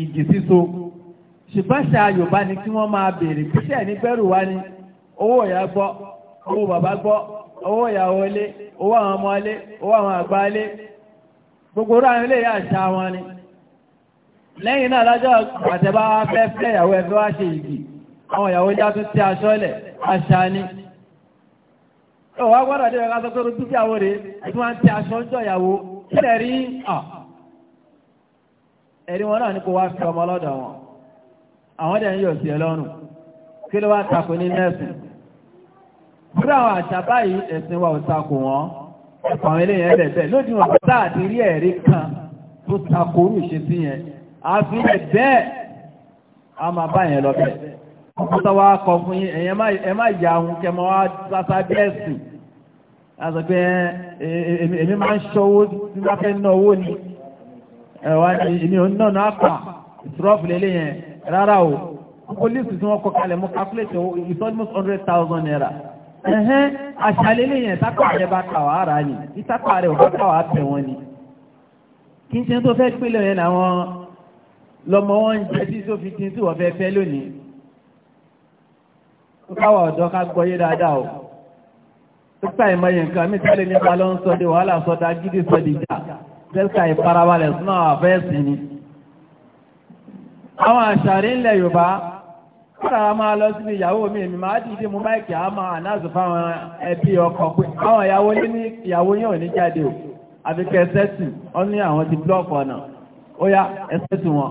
ìjì síso. Ṣùgbọ́n ṣe ni kí wọ́n máa bèèrè píṣẹ́ ní gbẹ́rù wá ní owó ìyá gbọ́, owó bàbá gbọ́, owó ìyàwó ilé, owó àwọn ọmọ ilé, owó àwọn àgbà ilé. Gbogbo orú àwọn ilé yà ṣá wọn ni. Lẹ́yìn náà lọ́jọ́ àtẹ̀bá fẹ́ fẹ́ ìyàwó ẹgbẹ́ wá ṣe ìgì, àwọn ìyàwó já tún ti aṣọ́lẹ̀, aṣa ni. ọ̀wá gbọ́dọ̀ dé ọ̀gá sọ pé ojú ìyàwó rẹ̀ tí wọ́n ń tẹ aṣọ ń ìyàwó kílẹ̀ rí ẹ̀rí wọn náà ní kó wá fi ọmọ wọn àwọn ń sí ẹ kí ló wá takò ní àwọn àṣà báyìí kan tó takò ìṣesí yẹn a ọ̀pọ̀tọ̀ wa kọ̀ fún yín ẹ̀yẹn ẹ má yà ohun kẹmọ́ wá sásá díẹ̀ láti pé èmi máa ń ṣọwọ́ tí wọ́n fẹ́ ná owó ni ẹ̀wà èmi ò ná náà pa ìtúrọ́ọ̀fù lélẹ̀ yẹn rárá o pólísì tí wọ́n kọ kalẹ̀ mọ́ calculate it's almost hundred thousand naira ẹ̀hẹ́n àṣàlélẹ̀ yẹn tápà rẹ̀ bá kà wá ara ni ìtápà rẹ̀ ò bá kà wá bẹ̀ wọ́n ni kí n ṣe tó fẹ́ pélé yẹn làwọn lọmọ wọn jẹ́ tí tó tí wọ́n fẹ́ fẹ́ lónìí káwà ọ̀dọ́ ká gbọ́yé dáadáa o tẹ́sà ìmọ̀yẹ̀ nǹkan mi tẹ́lẹ̀ nípa ló ń sọ di wàhálà sọdá gidi sọ di jà tẹ́sà ìfarabalẹ̀ súná àfẹ́ẹ̀sì ni àwọn àṣàrí ńlẹ̀ Yorùbá kọ́ra máa lọ síbi ìyàwó mi èmi máa dìde mú báìkì á máa ànáàzù fáwọn ẹbí ọkọ pé àwọn ìyàwó yín ní ìyàwó yín ò ní jáde o àfikẹ́ ẹsẹ́sì ọ ní àwọn ti búlọ́ọ̀kì ọ̀nà ó yá ẹsẹ́sì wọn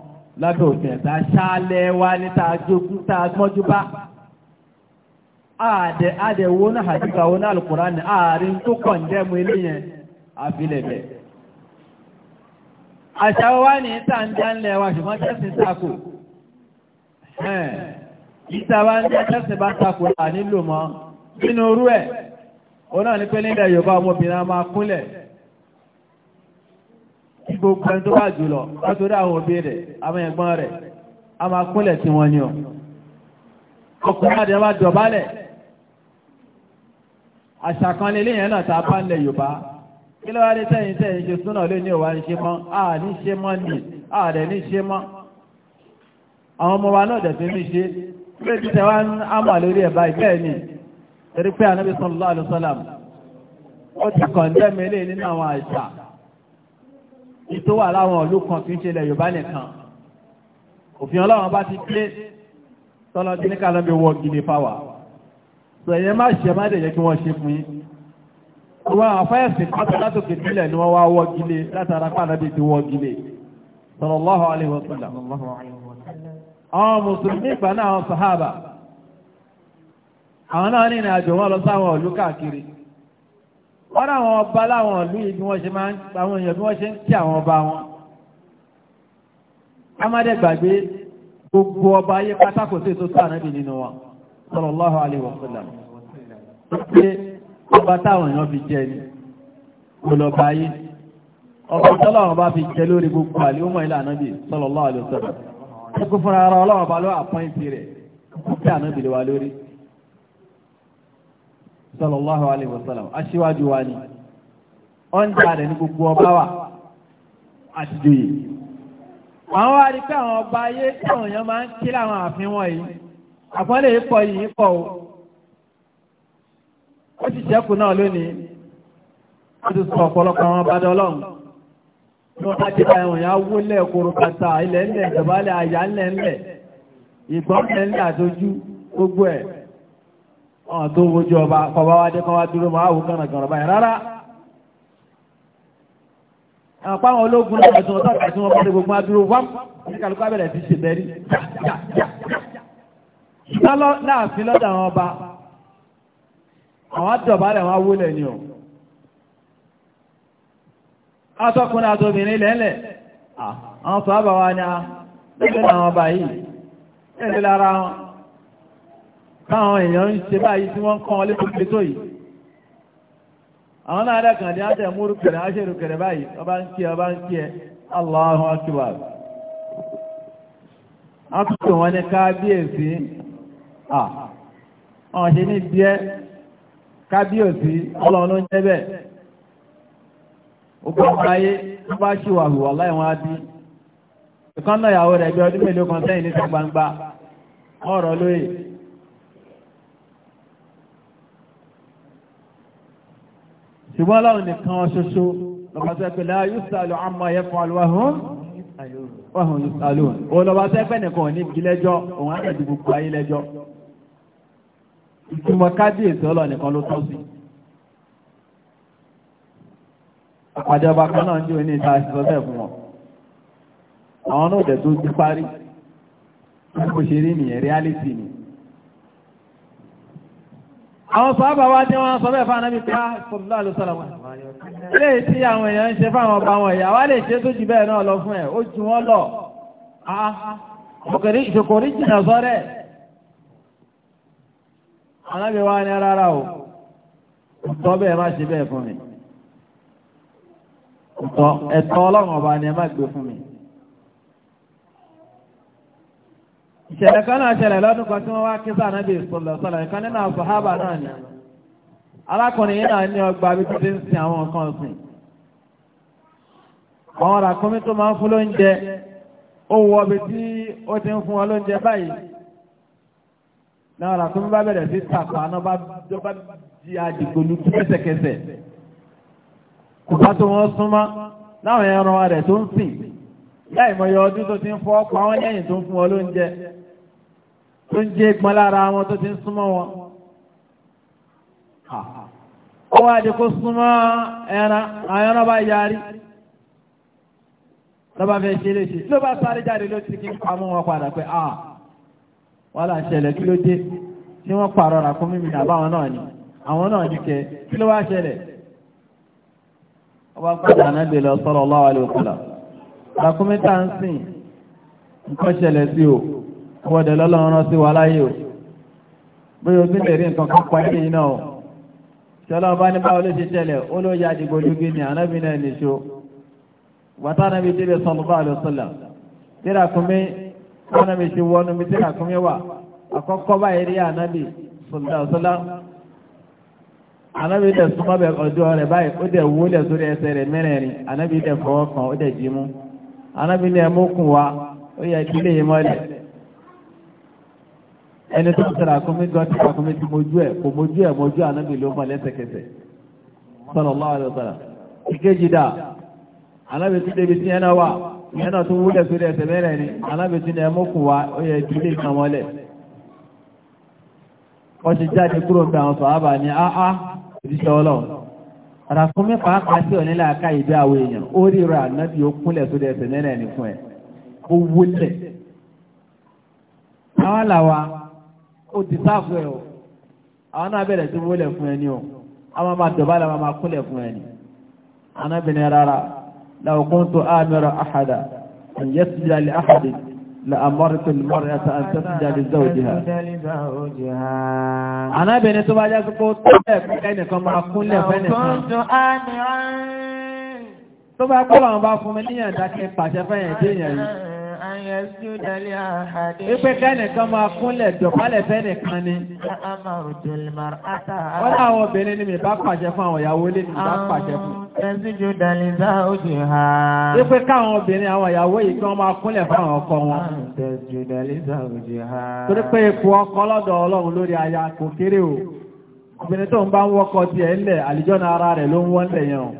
lábẹ́ òfin ṣáálẹ̀ wa ní tàà gbọ́njú bá àdẹ̀wò náà àdíkà wọn alùkùnrà ní ààrin tó kọ̀ ń ilé yẹn àfilẹ̀bẹ̀ ní tàǹdánlẹ̀ wa ṣùgbọ́n tẹ́sí sáàkù ìtàwà ń tẹ́sí bá sáàkù rà nílò nínú orú ẹ̀ kí gbogbo ẹni tó bá jùlọ látòrí àwọn òbí rẹ̀ àwọn ẹ̀gbọ́n rẹ̀ a máa kúnlẹ̀ tí wọ́n ní ọ ọkùnrin àdé máa dọ̀bálẹ̀ àṣà kan lélẹ̀ yẹn náà tá a bá ń lẹ̀ Yorùbá kí ló wá dé tẹ̀yìn tẹ̀yìn ṣe súnà lé ní ìwà ń ṣe mọ́ a ní ṣe mọ́ ní a rẹ̀ ní ṣe mọ́ àwọn ọmọ wa náà dẹ̀ fi mí ṣe pé títẹ̀ wá ń ámà lórí ẹ̀bá ìbẹ́ẹ̀ ni torí pé Ànábì sallallahu alaihi ó ti kọ̀ndẹ́mi lé nínú àwọn àṣà ìtò wà láwọn ìlú kan kì í ṣe ilẹ̀ Yorùbá nìkan òfin ọlọ́run bá ti pé tọ́lọ́ tí ní kálọ́bí wọ gidi fáwà sọ èyẹ má ṣe má dẹ̀yẹ kí wọ́n ṣe fún yín àwọn àfáyẹ̀sì pátá látòkè sílẹ̀ ni wọ́n wá wọ gidi látara pàdánù ti wọ gidi sallallahu alaihi wa sallam àwọn mùsùlùmí ìgbà náà sàhábà àwọn náà ní ìrìn àjò wọn lọ sáwọn ìlú káàkiri wọ́n láwọn ọba láwọn ìlú yìí bí wọ́n ṣe máa ń àwọn èèyàn bí wọ́n ṣe ń kí àwọn ọba wọn. amádé gbàgbé gbogbo ọba ayé pátákó sí ètò sáà nábì nínú wọn sallallahu alaihi wa sallam. pé ọba táwọn èèyàn fi jẹ ni kò lọ bá ayé ọba tọ́lọ́wọ́n bá fi jẹ lórí gbogbo àlè ó ilé ànábì sallallahu alaihi wa sallam. ó fúnra ara ọlọ́wọ́n bá lọ́ àpọ́ǹtì rẹ̀ kó kí ànábì lè wá lórí sallallahu alaihi wasallam aṣíwájú wa ni ọ́njà rẹ̀ ní gbogbo ọba wa àti joyè àwọn wá rí pé àwọn ọba ayé tí àwọn èèyàn máa ń kí láwọn ààfin wọn yìí àpọ́nlé yìí pọ̀ yìí pọ̀ o ó sì ṣẹ́kù náà lónìí ó ti sọ ọ̀pọ̀lọpọ̀ àwọn ọba dọ́lọ́run ní wọ́n láti bá ẹ̀wọ̀n yá kóró kàtà ilẹ̀ ńlẹ̀ ìjọba ilẹ̀ àyà ńlẹ̀ ńlẹ̀ ìgbọ́n ńlẹ̀ ńlẹ̀ gbogbo ẹ̀ ọ̀n tó wojú ọba kọba wa dé kọ́ wa dúró máa wò kànàkànà báyìí rárá àpá àwọn ológun náà ẹ̀sùn ọ̀tá àti wọn bọ́dé gbogbo adúró wá ní kálukú abẹ́rẹ́ ti ṣe bẹ́rí sálọ́ láàfin lọ́dọ̀ àwọn ọba àwọn àdọ̀bálẹ̀ wọn wólẹ̀ ni ọ̀ atọ́kùnrin àtòbìnrin lẹ́lẹ̀ àwọn sọ àbàwà ni a lẹ́gbẹ̀ẹ́ àwọn ọba yìí lẹ́gbẹ̀ẹ́ lára wọn táwọn èèyàn ń ṣe báyìí tí wọ́n kọ́ ọlé pípé tó yìí àwọn náà na kàn ní àṣẹ múrú kẹrẹ̀ àṣẹrù rukere báyìí ọba ń kí ọba ń kí ẹ Allahu Akbar akùnkùn wọn ní kábíyèsí àwọn ṣe ní bíẹ́ kábíyèsí ọlọ́run ń jẹ́ ogun ọ̀páyé tó bá hùwà á bí ìyàwó rẹ̀ bí ọdún mélòó kan sẹ́yìn ní gbangba ọ̀rọ̀ lóye ṣùgbọ́n Ọlọ́run nìkan ṣoṣo lọ́pàá tó ẹgbẹ̀lá yóò sàlọ̀ àmọ́ ẹ̀fọ́ alwahun wọ́n yóò sàlọ̀ òun lọ́pàá tó ẹgbẹ́ nìkan ní ìgbìlẹ́jọ́ òun àgbẹ̀dì gbogbo ayé lẹ́jọ́ ìtumọ̀ kábíyèsí Ọlọ́run nìkan ló tọ́ sí àpàdé ọba kan náà ń jí oní ìta ìsọsẹ́ fún wọn àwọn náà dẹ̀ tó ti parí bó ṣe rí nìyẹn reality ni àwọn sọ́ọ́bà wá tí wọ́n sọ bẹ́ẹ̀ fún anábì pé sọ̀rọ̀lá ló sọ̀rọ̀ wọn. ilé tí àwọn èèyàn ń ṣe fáwọn ọba wọn ìyá wa lè ṣe tó jù bẹ́ẹ̀ náà lọ fún ẹ̀ ó ju wọn lọ. ìṣòkò ah, rí jìnnà sọ́rẹ̀. anábì wa ní rárá o ọ̀tọ́ bẹ́ẹ̀ má ṣe bẹ́ẹ̀ fún mi. ẹ̀tọ́ ọlọ́run ọba ni ẹ má gbé fún mi. ìṣẹ̀lẹ̀ kan náà ṣẹlẹ̀ lọ́dún kan tí wọ́n wá kí sáà nábì sọ̀lọ̀ sọ̀lọ̀ ìkan nínú àwọn náà ni alákùnrin yìí náà ní ọgbà bí àwọn nǹkan ọ̀sìn àwọn ibi tí ó ti ń fún wọn lóúnjẹ báyìí bá bẹ̀rẹ̀ sí tàpá náà bá di àdìgbòlù tó wọn láwọn ẹran tó ń sìn láì ti ń tó ń tó ń jẹ́ gbọ́n lára wọn tó ti ń súnmọ́ wọn. ó wá di kó súnmọ́ ẹran àwọn ẹran bá yarí lọ́ba fẹ́ ṣe léṣe ló bá sáré jáde ló ti kí n pamọ́ wọn padà pé a ah, wọ́n là ń ṣẹlẹ̀ kí ló dé tí wọ́n pààrọ̀ rà fún mímì àbáwọn náà ni àwọn náà ní kẹ kí ló wá ṣẹlẹ̀ ọba padà náà lè lọ sọ́rọ̀ ọlọ́wà lè kọ́lá ń sìn nǹkan ṣẹlẹ̀ sí o. wọ́dẹ̀ lọ́lọ́run sí wa láyé o bí o sílẹ̀ rí nǹkan kan pàdé iná o ṣọlá ọba ní báwo ló tẹ́lẹ̀ ó ló ya àdìgbò lógi ní ànábì náà nìṣó bàtà náà mi débẹ̀ sallallahu alaihi wasallam tíra kúnmí wọn náà mi ṣe wọnú mi tíra kúnmí wà àkọ́kọ́ báyìí rí ànábì sallallahu alaihi wasallam ànábì dẹ̀ súnmọ́ bẹ̀ ọjọ́ rẹ̀ báyìí ó dẹ̀ wúlẹ̀ ó dẹ̀ ẹni tó ń tẹ̀lé àkómi gan tí àkómi ti mojú ẹ̀ kò mojú ẹ̀ mojú ànábì ló mọ̀ lẹ́sẹ̀kẹsẹ̀ sallallahu alaihi wasallam ìkejì dà ànábì tí débi tí ẹnà wà ẹnà tó wúlẹ̀ sórí ẹsẹ̀ mẹ́rẹ̀ ni ànábì tí ní ẹmọ́kùn wa ó yẹ ìdílé ìkan wọlé wọ́n ti jáde kúrò bí àwọn sọ̀hábà ní áá ìdíṣẹ́ ọlọ́run àràkúnmí pàápàá sí ọ̀nílà aká ìdí àwọn èèyàn ó ríra ànábì ó kúnlẹ̀ sórí ẹsẹ̀ mẹ́rẹ̀ ni fún ẹ̀ ó wúlẹ̀ àwọn làwa ó ti sáàfù ẹ̀ o àwọn náà bẹ̀rẹ̀ sí wọlé fún ẹni o àwọn máa dọ̀bálẹ̀ àwọn máa kúnlẹ̀ fún ẹni anábìnrin rárá law kuntu amira ahada an yasjuda li ahadin la amartu al-mar'ata an tasjuda li zawjiha. anábìnrin tó bá yá kó tó bẹ́ẹ̀ fún ẹnìkan máa kúnlẹ̀ fún ẹnìkan. tó bá kọ́ àwọn bá fún mi níyàn dákẹ́ pàṣẹ fẹ́yìn dé yẹn yìí. yasjuda li ahadin. Wípé kẹ́nìkan máa kúnlẹ̀ dọ̀pálẹ̀ fẹ́nìkan ni. Wọ́n Jolmar Ata. obìnrin ni mi bá pàṣẹ fún àwọn ìyàwó ilé ni mi bá pàṣẹ fún. obìnrin àwọn ìyàwó yìí kí wọ́n kúnlẹ̀ fún àwọn ọkọ wọn. Torí pé ipò ọkọ lọ́dọ̀ Ọlọ́run o. Obìnrin tó ń bá ń wọ́kọ tiẹ̀ ńlẹ̀ ara rẹ̀ ló ń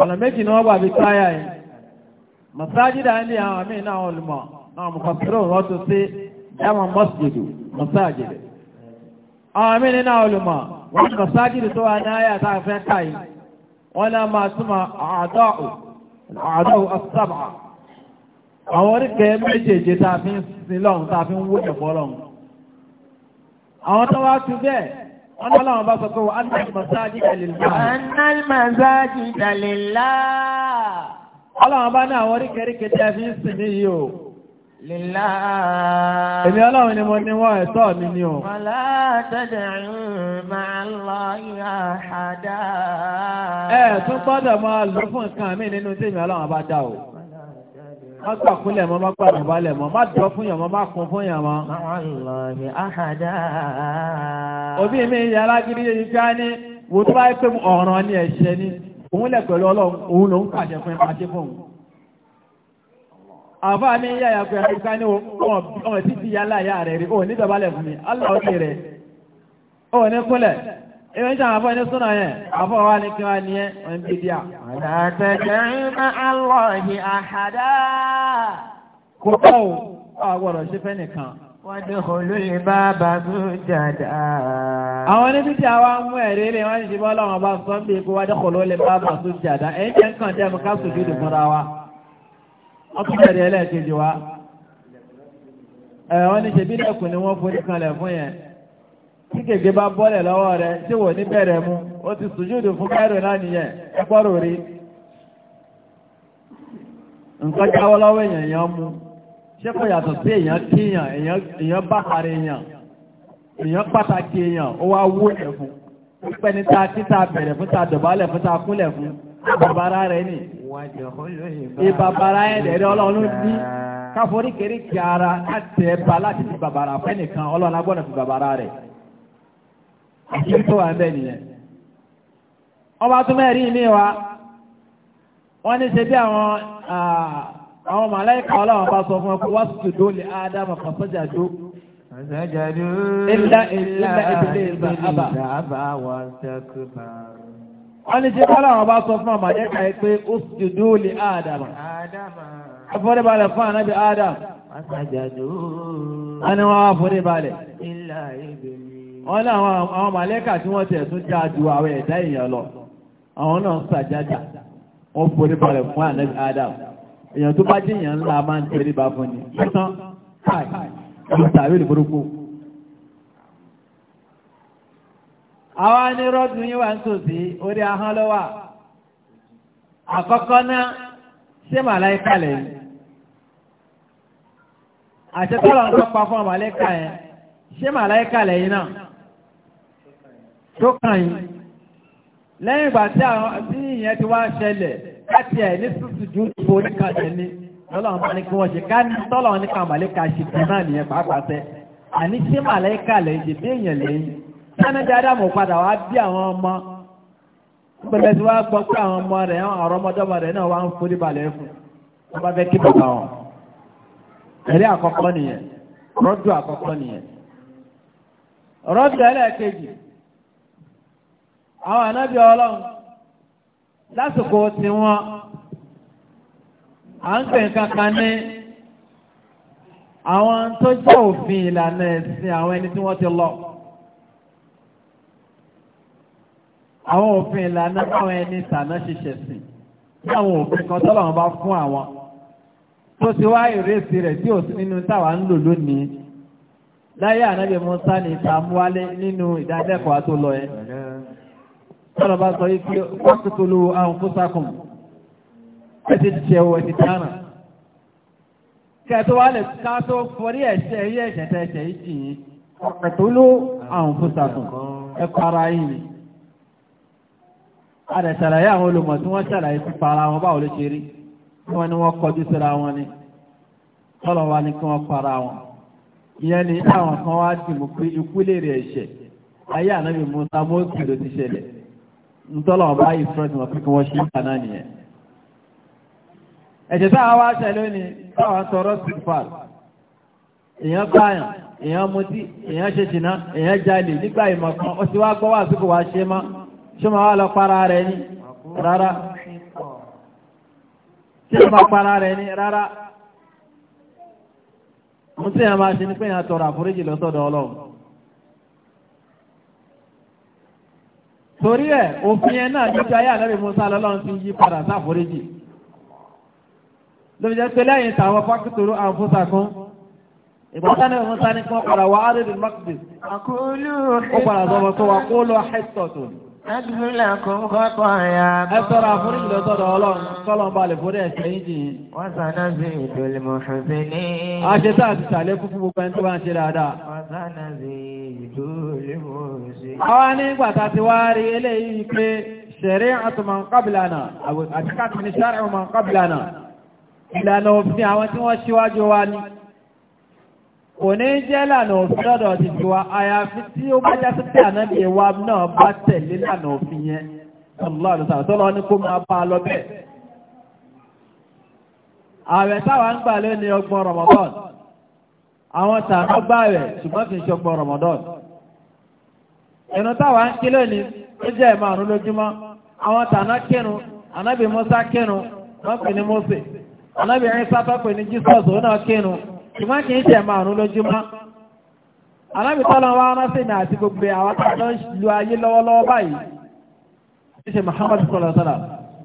ọ̀nà méjì ni wọ́n wà bí táyà yìí masajida ní àwọn míì náà olùmọ̀ náà mufasiru wọ́n tún sí ẹmọ mọ́sídìdù masajida àwọn míì náà olùmọ̀ wọ́n ní masajida tó wà ní ayé àtàfẹ́ káyì wọ́n náà máa túmọ̀ àádọ́ù àádọ́ù asábà àwọn oríkẹ́ méjèèjì tá a fi ń sin lọ́hùn tá a fi ń wúlò fọ́lọ́hùn àwọn tó wá tún bẹ́ẹ̀ wọ́n ní aláwọn bá sọ pé wọ́n á ní masáàjì dalilá. àná masáàjì dalilá. aláwọn bá ní àwọn oríkèéríkèé tí a fi ń sìn mí yìí o. Lílá. Èmi ọlọ́run ni mo ní wọ́n ẹ̀tọ́ mi ni o. Wàlá tẹ́lẹ̀ máa lọ ìhàdá. Ẹ tún gbọ́dọ̀ máa lò fún nǹkan mi nínú tí èmi ọlọ́run bá dá o má pàkúnlẹ̀ mọ́ má pàdùbálẹ̀ mọ́ má dọ́ fún yàn mọ́ má kún fún yàn mọ́. òbí mi ìyá alágídí yìí fi á ní wo tó bá yẹ pé ọ̀ràn ni ẹ̀ṣẹ̀ ni òun lẹ̀ pẹ̀lú ọlọ́run òun lòún pàṣẹ fún ẹ̀ o ní dọ̀bálẹ̀ fún mi Ìwé ìjà àfọ́ ẹni súnà yẹn, àfọ́ wa ní kí wá ní ẹ́, wọ́n bí díà. Àtẹ̀kẹ́ iná àlọ́hì àhàdá. Kò tọ́ o, a gbọ́dọ̀ ṣe fẹ́ nìkan. Wọ́n ní olóyè bá bàbú jàdá. Àwọn oníbi tí a wá ń mú ẹ̀rí rẹ̀ wọ́n ṣe bọ́ lọ́wọ́ bá sọ bí ikú wájú kò bá bàbú jàdá. Ẹ̀yin jẹ́ nǹkan tẹ́ mu ká sùdú dùn fúnra wa. Wọ́n tún tí gègé bá bọ́lẹ̀ lọ́wọ́ rẹ̀ tí wò ní bẹ̀rẹ̀ mú ó ti sùjúdù fún kẹ́rù náà nìyẹn ẹgbọ́rò rí nǹkan jáwọ́ lọ́wọ́ èèyàn èèyàn mú ṣé kò yàtọ̀ sí èèyàn kíyàn èèyàn bákàrí èèyàn èèyàn pàtàkì èèyàn ó wá wó ẹ̀ fún pípẹ́ ní ta kí ta bẹ̀rẹ̀ fún ta dọ̀bálẹ̀ fún ta kúnlẹ̀ fún bàbára rẹ̀ nì ìbàbára ẹ̀ lẹ́rẹ́ ọlọ́run ní káforíkèríkè ara láti ẹ̀bà láti fi bàbára fẹ́nìkan ọlọ́run agbọ́dọ̀ fi bàbára rẹ̀ àti tó wà bẹ́ẹ̀ nìyẹn ọba tó mẹ́rin ní wa wọ́n ní ṣe bí àwọn àwọn màláìka ọlọ́run bá sọ fún ọkọ̀ wá sí tó lè ádámà pàṣẹjà tó ilá ilá ìdílé ìgbà àbá wọ́n ní ṣe bí bá sọ fún àmàjẹ́ka yìí pé ó sì tó lè ádámà afọ́rẹ́balẹ̀ fún ànábì ádámà wọ́n ní wọ́n wá fọ́rẹ́balẹ̀ ilá ìdílé wọ́n ní àwọn màlẹ́kà tí wọ́n tẹ̀ tún já ju àwọn ẹ̀dá èèyàn lọ àwọn náà ń sàjájà wọ́n forí balẹ̀ fún ànábì Adam èèyàn tó bá jẹ́ èèyàn ńlá máa ń tẹ̀lé bá fún ni tán káì ló tàbí lè burúkú. àwa ní rọ́ọ̀dù yín wà ń tòsí orí ahọ́n ló wà àkọ́kọ́ náà ṣé màláìka lẹ́yìn àṣetọ́lọ́ ń tọ́pa fún màláìka yẹn ṣé màláìka lẹ́yìn náà. tó kàn yín lẹ́yìn ìgbà tí àwọn tí ìyẹn ti wá ṣẹlẹ̀ láti ẹ̀ ní tútù ju ìbò oníkàtẹ́ ní bá ní kí wọ́n ṣe ká ní tọ́lọ́run ní ṣe náà nìyẹn pàápàá tẹ́ àní ṣé bí èèyàn lẹ́yìn padà wá bí àwọn ọmọ pẹ̀lẹ́ tí gbọ́ pé àwọn ọmọ rẹ̀ ọ̀rọ̀ ọmọdọ́mọ rẹ̀ náà ń forí balẹ̀ fún bá fẹ́ kí bàbá wọn ẹ̀rí àkọ́kọ́ nìyẹn rọ́dù àkọ́kọ́ nìyẹn rọ́dù ẹlẹ́ẹ̀kejì àwọn ànábì ọlọ́run lásìkò tiwọn à ń pè kankan ní àwọn tó jẹ́ òfin ìlànà ẹ̀sìn àwọn ẹni tí wọ́n ti lọ. àwọn òfin ìlànà báwọn ẹni ìtànà ṣiṣẹ́ sí láwọn òfin kan tọ́lọ́run bá fún àwọn tó ti wá ìrèsì rẹ̀ tí ò sí nínú táwa ń lò lónìí láyé ànábì Mùsá ní ìtàmúwálé nínú ìdálẹ́kọ̀ọ́ tó yẹn tọ́lọ̀ bá sọ yìí pé wákùtòlù àwọn fúsàkùn ẹ̀sì jẹ́wọ́ ẹ̀sì tánà kẹ́ẹ̀tọ́ wà lè káàtó forí ẹ̀ṣẹ̀ yí ẹ̀ṣẹ̀ tẹ́ ẹ̀ṣẹ̀ yìí jì yìí wákùtòlù àwọn fúsàkùn ẹ̀kọ́ ara yìí ìyẹn ni àwọn kan wá dìbò pé ikú lè rí ẹ̀ṣẹ̀ ayé ànábì Musa mọ́ọ̀kì ló ti ṣẹlẹ̀ ntọ́lọ̀ ọba ìfúrẹ́sìn ọ̀fẹ́ kí wọ́n ṣe ìgbà náà a ẹ̀jẹ̀ táwa wá nígbà ìmọ̀ ó ti wá gbọ́ wà síkò wá ṣe mọ́ ṣé wá lọ para rẹ̀ ní rárá ṣé ma para rẹ̀ ní rárá mo ṣe ní tọrọ àforíjì ọlọ́run torí ẹ̀ òfin ẹ̀ náà níbi ayé ànábì Musa lọ́lọ́run ti yí padà sáforíjì lóbi jẹ́ tàwọn àǹfóṣà kan Musa ní kí wọ́n padà wà á mọ́kìdì ó Ajúlá kò ń kọ́kọ́ ya. Ẹ sọ̀rọ̀ àforí ìlú sọ̀rọ̀ ọlọ́run sọ́lọ́n balẹ̀ forí ẹ̀sẹ̀ yín jì. Wọ́n sànà sí ìdòlè mọ̀ṣọ́sí ní. Àṣẹ tá a ti sàlẹ̀ kú fún gbogbo ẹni tó bá ń ṣe dáadáa. Wọ́n sànà sí ìdòlè mọ̀ṣọ́sí. Àwa nígbà tá a ti wá rí eléyìí pé ṣẹ̀rí àtùmọ̀ kọ́bìlànà àti káàkiri ṣẹ́rẹ̀ kò ní jẹ́ lànà òfin lọ́dọ̀ ti ti wa àyàfi tí ó bá jẹ́ títí ànábì wa náà bá tẹ̀lé lànà òfin yẹn ọlọ́ àdùsà tọ́lọ ní kó máa bá a lọ bẹ́ẹ̀. ààwẹ̀ táwa ń gbà lónìí ọgbọ̀n Ramadan àwọn tààrà gbà rẹ̀ ṣùgbọ́n kì í ṣe ọgbọ̀n Ramadan. ìrun táwa ń kí lónìí ó jẹ́ ìmọ̀-àrún lójúmọ́ àwọn tààrà kírun ànábì Musa kírun wọ́n pè ní Mose ànábì Isa ṣùgbọ́n kì í ṣe márùn lójúmọ́ alábìtọ́lọ́ wa ránṣẹ́ mi àti gbogbo àwọn tàbí lu ayé lọ́wọ́lọ́wọ́ báyìí ṣe ṣe Muhammad sọlọ sọlọ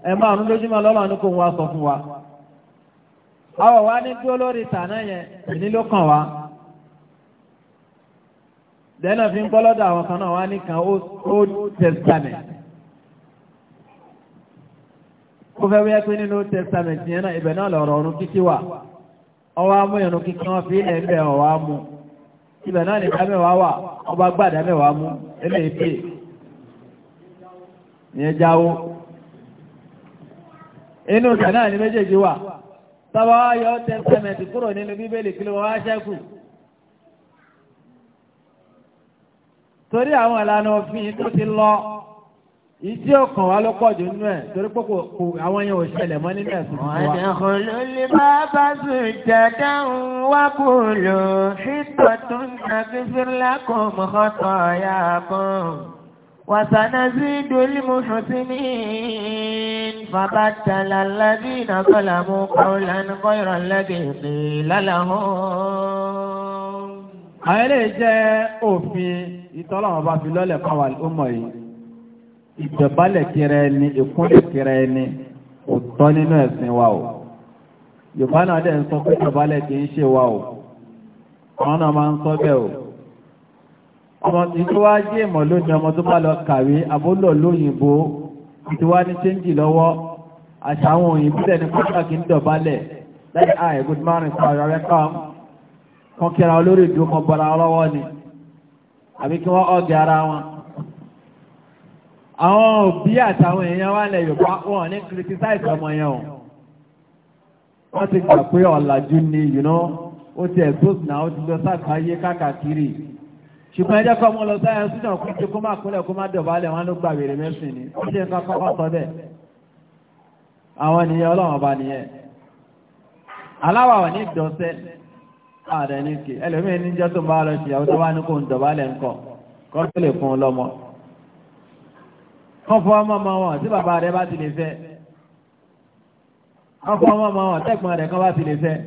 ẹ márùn lójúmọ́ lọ́lọ́ ní kò wá sọ fún wa àwọ̀ wa ní dúró lórí tàná yẹn èyí ló kàn wá lẹ́nà fi ń bọ́ lọ́dọ̀ àwọn kan náà wá ní kan Old Testament fẹ́ wíyá pé nínú Old Testament náà ibẹ̀ náà lọ̀rọ̀ ọ̀run kíkí wà ọwọ́ amú ìrùn kíkí wọ́n fi ilẹ̀ ẹgbẹ́ ọwọ́ amú ibẹ̀ náà ní dámẹ́wàá wà ọba gbàdá mẹ́wàá mú ẹlẹ́ ìpè ìyẹn jáwó inú ìtàn náà ní méjèèjì wà sábà wá yọ tẹ́sẹ̀mẹ̀tì kúrò nínú bíbélì kí ló wá ṣẹ́kù torí àwọn ìlànà òfin tó ti lọ ìdí ọkàn wa ló pọ̀jù nínú ẹ̀ torí pé kò àwọn yẹn ò ṣẹlẹ̀ mọ́ nínú ẹ̀sùn wa. ọ̀dẹ̀kùn ló lè bá bá sùn jàdá ń wá kó lò ṣítọ̀ tó ń tàbí fírlá kò mọ̀kọ́tọ̀ ya bọ̀. wàsánà sí dolí mo sùn sí ní bàbá tàlà lábí ìnàkọ́là mú kọ́lá ní kọ́yọ̀rọ̀ lẹ́gẹ̀ẹ́sì lálàhùn. àwọn eléyìí jẹ́ òfin ìtọ́lọ́wọ́n fi lọ́lẹ̀ kan wà ó mọ̀ yìí ìjọbalẹ̀ kira ẹni ìkúnlẹ̀ kira ẹni kò tọ́ nínú ẹ̀sìn wa o yorùbá náà dẹ̀ ń sọ pé ìjọbalẹ̀ kì í ṣe wa o wọn náà máa ń sọ bẹ́ẹ̀ o ọmọ ìtúwájú ìmọ̀ lónìí ọmọ tó bá lọ kàwé abúlọ̀ lóyìnbó ìtúwá ní ṣéńjì lọ́wọ́ àṣà àwọn òyìnbó dẹ̀ ní pàtàkì ń dọ̀balẹ̀ lẹ́yìn àì good morning fún ara rẹ̀ kàn kọ́kẹ́ra olórí ìdúró kan bọ́ra ọlọ́wọ́ ni àbí kí wọ́n ọ̀gẹ̀ ara wọn àwọn òbí àtàwọn èèyàn wà lẹ̀ Yorùbá wọn ní criticize ọmọ yẹn o wọ́n ti gbà pé ọ̀làjú ni ó ti ẹ̀gbọ́n náà ó ti lọ sáàkáyé káàkiri ṣùgbọ́n ẹjẹ́ kọ́ mọ́ lọ sáyẹn sí náà kúrò kó máa kúnlẹ̀ kó máa dọ̀bálẹ̀ wọn ló gba wèrè mẹ́sìn ni ó ṣe nǹkan kọ́kọ́ sọ bẹ́ẹ̀ àwọn ènìyàn ọlọ́run ọba nìyẹn aláwà wà ní ìdọ́sẹ́ ààrẹ ní kí ẹlòmíín níjọ́ tó ń bá lọ ṣìyàwó tó bá ní kó ń dọ̀bálẹ̀ ńkọ kọ́ tó lè fún un lọ́mọ kọ́ fọ́ ọmọ ọmọ wọn tí bàbá rẹ̀ bá ti lè fẹ́ kọ́ fọ́ ọmọ ọmọ wọn tẹ́gbọ́n rẹ̀ kan bá ti lè fẹ́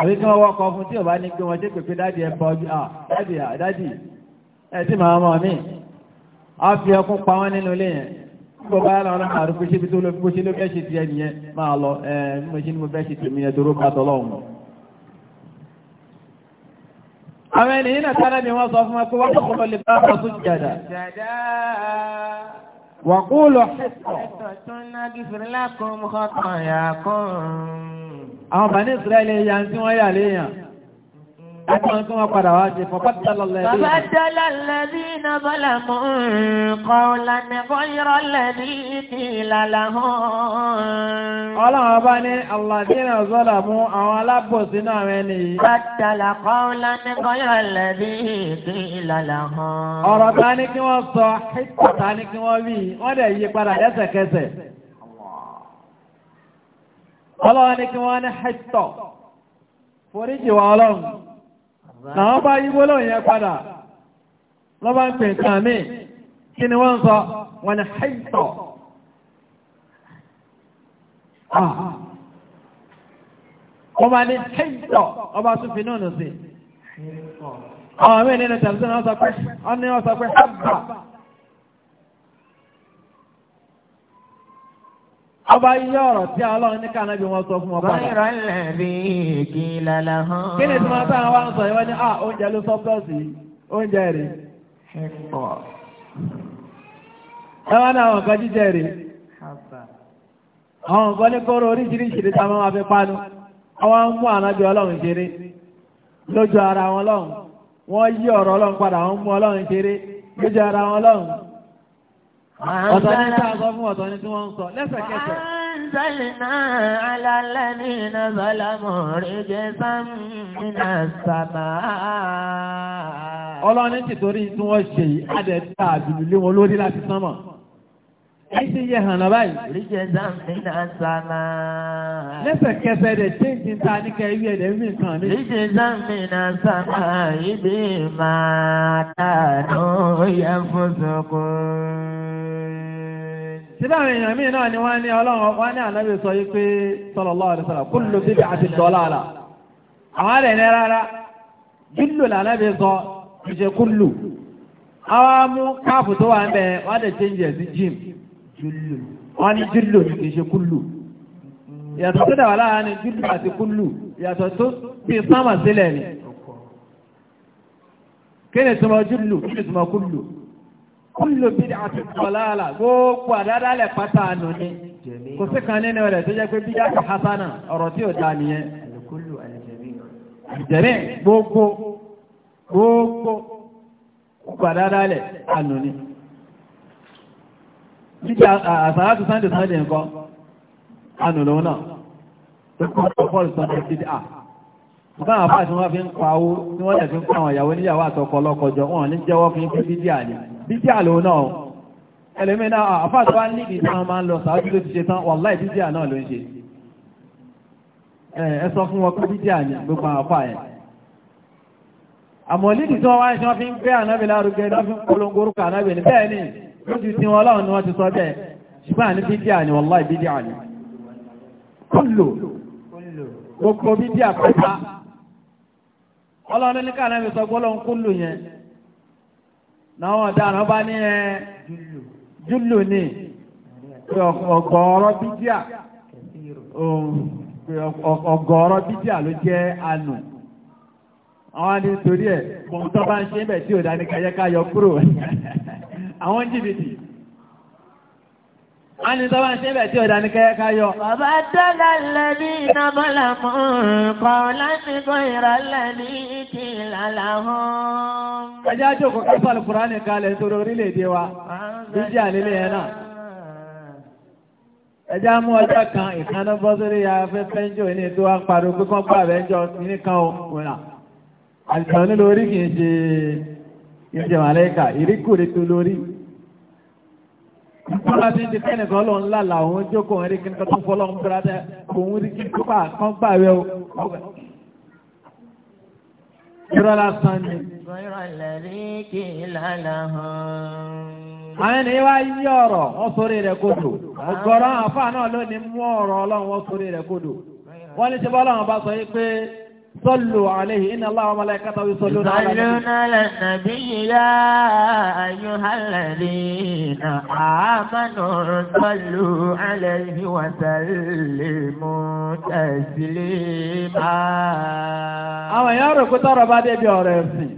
àbí kí wọ́n wọ́kọ̀ fún tí ò bá ní pé wọ́n ṣe pèpè dájì ẹ̀ pọ̀ jù dájì dájì ẹ̀ tí màá mọ̀ mí á fi ọkùn pa wọ́n nínú ilé yẹn gbogbo bá yàrá ọlọ́run àrùn pé ṣe bí tó lọ bí mo ṣe ló fẹ́ ṣe ti ẹ̀ nìyẹn máa lọ ẹ̀ mo ṣe ni mo fẹ́ ṣe tèmi ẹ̀ torókà tọ́lọ́run àwọn ènìyàn náà tára ni wọ́n sọ fún wọn pé wọ́n kọ́kọ́ lè bá wọn tún jàdá. wàkúùlù àwọn bàní ìsirẹ́lẹ̀ yà tí wọ́n yà léèyàn. Ẹgbọ́n tó wọ́n padà wá ṣe fọ́pátàlá lẹ́bí na bọ́lá mọ́ kọ́ọ̀lá nẹ́fọ́ yọ́rọ̀ lẹ́bí ti lálá hàn. Ọlọ́run ọba ní Àlàdínà zọ́là mú àwọn alábòsí náà rẹ̀ nìyí. Pátàlá kọ́ọ̀lá nẹ́fọ́ kí wọ́n ní kí wọ́n ọlọ́run làwọn bá yí gbólóhùn yẹn padà lọ́ba ń pè nǹkan mí kí ni wọ́n sọ wọ́n ní haitọ̀ ah. ọba ní haitọ̀ ọba tún fi náà nù sí ọ̀rọ̀ mi nínú tẹ̀lifíṣàn ọ̀sọ̀ pé ọ̀ní ọ̀sọ̀ pé hábà ọba yíyá ọ̀rọ̀ tí ọlọ́run ní kànáà bí wọ́n sọ fún wọn kí hàn. kí ni tí wọ́n ah, oúnjẹ ló sọ oúnjẹ ẹ wá ní àwọn nǹkan jíjẹ ní kóró oríṣiríṣi ní táwọn fi panu àwọn ń mú ọlọ́run ṣeré lójú ara wọn lọ́hùn wọ́n yí padà wọ́n mú ọlọ́run ṣeré lójú ara wọn ọ̀tọ̀ ní tí a Ọlọ́ni ti torí tí wọ́n ṣe yìí, a dẹ̀ ta àbìlú lé wọn lórí láti sánmọ̀. Ẹ yẹ hàn náà báyìí. Rí jẹ́ sáàmìnà sàmà. Lẹ́sẹ̀kẹsẹ̀ dẹ̀ ṣé ti ta ní kẹ́ ibi ẹ̀dẹ̀ mi kan ní. Rí jẹ́ sáàmìnà sàmà máa tà yẹ fún sọ́kùn síbáwọn èèyàn míì náà ni wọ́n ní ọlọ́run wọ́n ní ànábì sọ yí pé sallallahu alaihi wasallam kullu bid'atin dalalah àwọn àlẹ́ ní rárá júlù lànábì sọ ìṣe kullu àwọn amú káàpù tó wà ń bẹ wọ́n dẹ̀ change ẹ̀ sí jim júlù wọ́n ní júlù ní kì í ṣe kullu ìyàtọ̀ tó dàwà láàárín júlù àti kullu ìyàtọ̀ tó bí sámà sílẹ̀ ni kí kúlò bí àti kọláàlà gbogbo àdádálẹ̀ pátá ànú ni kò sí kan nínú rẹ̀ tó jẹ́ pé bí yàtọ̀ hasana ọ̀rọ̀ tí ò dá nìyẹn jẹ̀rẹ̀ gbogbo gbogbo àdádálẹ̀ ànú ni títí àsàrátù sunday sunday nǹkan ànú lòun náà tó kọ́ ọ̀pọ̀lù sunday títí à báwọn àbá tí wọ́n fi ń pa owó tí wọ́n lè fi ń pa àwọn ìyàwó níyàwó àtọkọ lọ́kọjọ wọn ní jẹ́wọ́ fi ń fi bídí àlè bíbí àlò náà ẹlẹ́mìnà àfáàtí wá nídìí tí wọ́n máa ń lọ sàájú tó ti ṣe tán wàláì bíbí àná ló ń ṣe ẹ sọ fún wọn pé bíbí àní gbogbo àfáà yẹn àmọ́ nídìí tí wọ́n wá ń ṣe fi ń gbé ànábì lárugẹ lọ́ fi ń polongo orúkọ ànábì ní bẹ́ẹ̀ ni lójú wọn ni wọ́n ti sọ bẹ́ẹ̀ ṣùgbọ́n àní bíbí àní bíbí àní kúlò gbogbo bíbí àpẹta ọlọ́run ní ká ànábì sọ náwọn ọ̀daràn bá ní ẹ júlù ní ọgọ́ọ̀rọ̀ bídíà ọgọ́ọ̀rọ̀ bídíà ló jẹ́ ànù àwọn adé torí ẹ̀ kò tó bá ń ṣe bẹ̀ tí ò dání kayẹ́ká yọ kúrò àwọn jìbìtì a ní tọ́wà ṣe bẹ̀ tí ọ̀dá ní kẹ́ẹ̀ká yọ. bàbá tọ́lá lẹ́bí iná bọ́lá mọ́ kọ́ láti kọ́ ìrọ̀lẹ́ ní ìtì ìlàlá hàn. ẹjá jókòó kápálù kùránì kalẹ̀ nítorí orílẹ̀-èdè wa bíjì àlélẹ̀ yẹn náà. ẹjá mú ọjọ́ kan ìkànnà bọ́ sórí afẹ́fẹ́ ń jò ní ètò wa ń pariwo pé kán gbà bẹ́ẹ̀ jọ nìkan òun àlùkò nílò orí kì í ṣe ìjẹ̀màlẹ́kà ìríkù Bọ́lá ti ń di fẹ́ni kan lọ́n lálà òun jókòó rí kí n kọ́tún fọ́lọ́ ń bọ́lá tẹ́ òun rí kí n kópa kan gbà o. Irọ́ lásán ni. Àwọn ènìyàn wá yí ọ̀rọ̀ wọ́n sórí rẹ̀ kodò. náà lónìí mú ọ̀rọ̀ ọlọ́run wọ́n sórí rẹ̀ kodò. Wọ́n ní ti sọ yí صلوا عليه إن الله وملائكته يصلون على النبي يصلون على النبي يا أيها الذين آمنوا صلوا عليه وسلموا تسليما àwọn èèyàn rò pé tọ́rọ̀ bá débi ọ̀rọ̀ ẹ̀sìn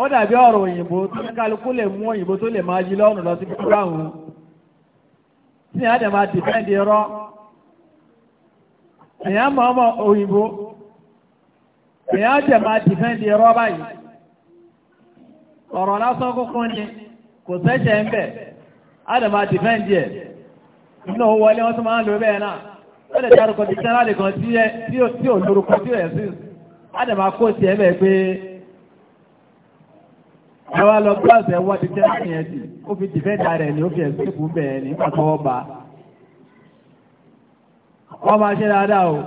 ó dàbí ọ̀rọ̀ òyìnbó tó ní kálukú lè mú òyìnbó tó lè máa yí lọ́rùn lọ sí gbogbo àwọn tí a dẹ̀ máa dìbẹ́ǹdì rọ́ èyàn òyìnbó èyàn jẹ̀ máa rọ́bà yìí ọ̀rọ̀ lásán kúkú ni kò sẹ́jẹ̀ ń bẹ̀ ẹ̀ nínú wọlé wọn tó máa ń bẹ́ẹ̀ náà ó lè dárúkọ ti tí ẹ̀sìn lọ ti ó fi dìfẹ́ǹdì rẹ̀ ni ó fi ẹ̀sìn kú bẹ́ẹ̀ ní wọ́n máa ṣe dáadáa o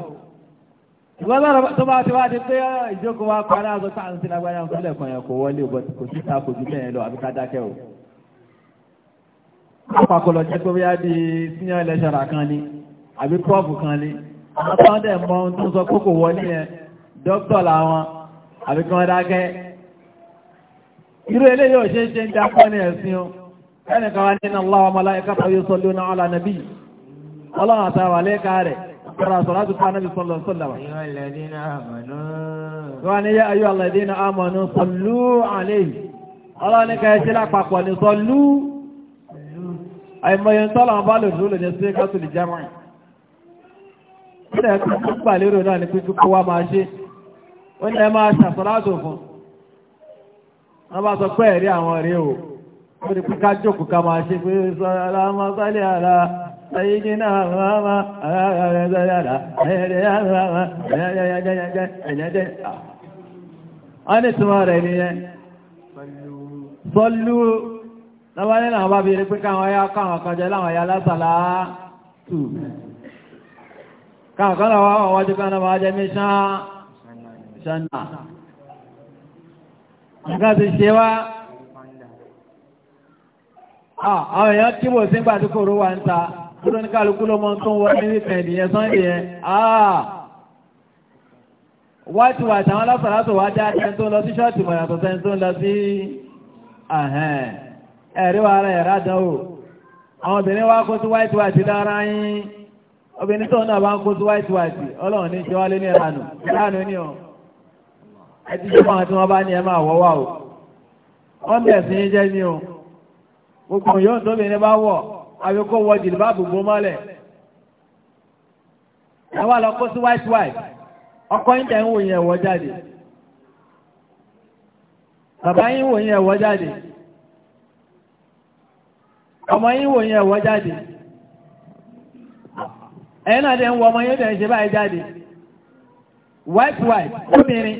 ìwọ́n lọ́rọ̀ tó bá ti wá di pé ah, ìjókòó wa parí àgọ́ tá à ń sin agbára ọ̀sán lẹ́kọ̀ọ́ yẹn kò wọlé bọ́ kò sí ta kò jù bẹ́ẹ̀ lọ àbí ká dákẹ́ o. àpapọ̀lọ̀ jẹ́ pé bóyá di senior lecturer kan ni àbí prof kan ni àwọn tó ń dẹ̀ mọ ohun tó ń sọ kókò wọlé yẹn dókítọ̀ làwọn àbí kí wọ́n dákẹ́. irú eléyìí ò ṣeé ṣe ń da pọ́n ní ẹ̀sìn o ẹnìkan wa ní Yàrá sọ̀rọ̀ àti fún anábì sọ̀lọ̀ sọ̀lọ̀ wa. Wọ́n ní yá ayé alẹ́dínà àmọ̀nù sọ̀lú àlẹ́yìn. Ọlọ́run ká ẹṣẹ́ lápapọ̀ ní sọ̀lú. Àìmọye ń tọ́lọ̀ bá lò lóòlò ní sí kátólì jámọ̀. Kílẹ̀ tó kú pà lérò náà ní pípí kó wá máa ṣe. Ó ní ẹ máa ṣàsọ̀rọ̀ àtò fún. Wọ́n bá sọ pé ẹ̀rí àwọn ọ̀rẹ́ o. Ó ní pí ká jókòó ká máa ṣe pé sọ̀rọ̀ ẹ̀yìn náà rárá ara rẹ̀ gbẹ́yàrá ẹ̀yẹ̀dẹ̀ rárá ẹ̀yẹ̀dẹ̀ ẹ̀yẹ̀dẹ̀ a ní túnmọ̀ rẹ̀ nìyẹn sọ́lú lọ́wọ́lé náà bá bí i pé káwọn ya káwọn kan jẹ láwọn ya lásàlá tù káwọn kan náà wọ́n wájú kan náà wájẹ́ ní ṣánà nǹkan ti ṣe wá àwọn èèyàn kíbò sí gbàdúkòrò wa ń ta kúrò ní kálukú ló mọ́ tó ń wọ́n ní tẹ̀lé yẹn sunday yẹn aaa wáìtì wáìtì àwọn aláfàlátò wá dá ẹni tó lọ sí ṣọ́ọ̀tì mọ̀ yàtọ̀ sẹ́ni tó ń lọ sí ẹ̀rí wa ara ẹ̀rá dánwò àwọn obìnrin wa kó sí wáìtì wáìtì lára yín obìnrin tó náà bá ń kó sí wáìtì wáìtì ọlọ́run ní ìṣẹ́wálé ní ìranù ìranù ọ ẹ ti fún àwọn tí wọ́n bá ní ẹ máa wọ́wà o wọ́n o àbíkọ́ wọ jìlìbáàbù bó mọ́lẹ̀ ẹ lọ kó sí white white ọkọ yín tẹ̀ ń jáde bàbá yín ọmọ yín wò yẹn jáde ẹ̀yin náà dẹ̀ ń wọ ọmọ yín ń ṣe báyìí jáde white white obìnrin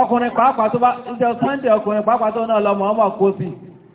ọkùnrin pàápàá tó bá ń sunday ọkùnrin ọmọ kó sí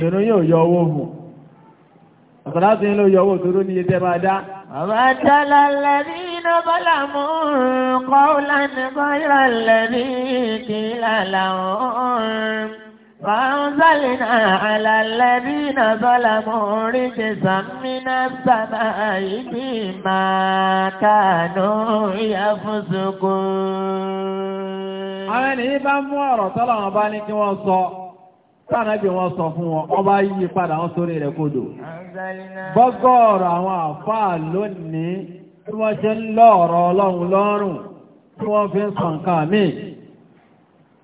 ìrún yóò yọ owó mù ọ̀sọ̀láti ń lò yọ owó tóró ní ẹjẹ́ máa dá. àbájálà lẹ́rí iná bọ́là mú kọ́ọ̀lá nìkan ìrà lẹ́rí kìlà làwọn fàánzálì náà àlàlẹ́rí iná bọ́là mú rí ti sàmínà sábà ìbí máa kánú ìyá fún sókó. àwọn ènìyàn bá mú ọ̀rọ̀ tọ́lọ̀ wọn bá ní kí wọ́n sọ. Sáàrẹ́bì wọn sọ fún wọn, wọ́n bá yí padà wọ́n sórí rẹ̀ kodò. Bọ́gọ́ọ̀rọ̀ àwọn àfáà lónìí tí wọ́n ṣe ń lọ́ọ̀rọ̀ ọlọ́run lọ́rùn tí wọ́n fi ń sọ nǹkan míì.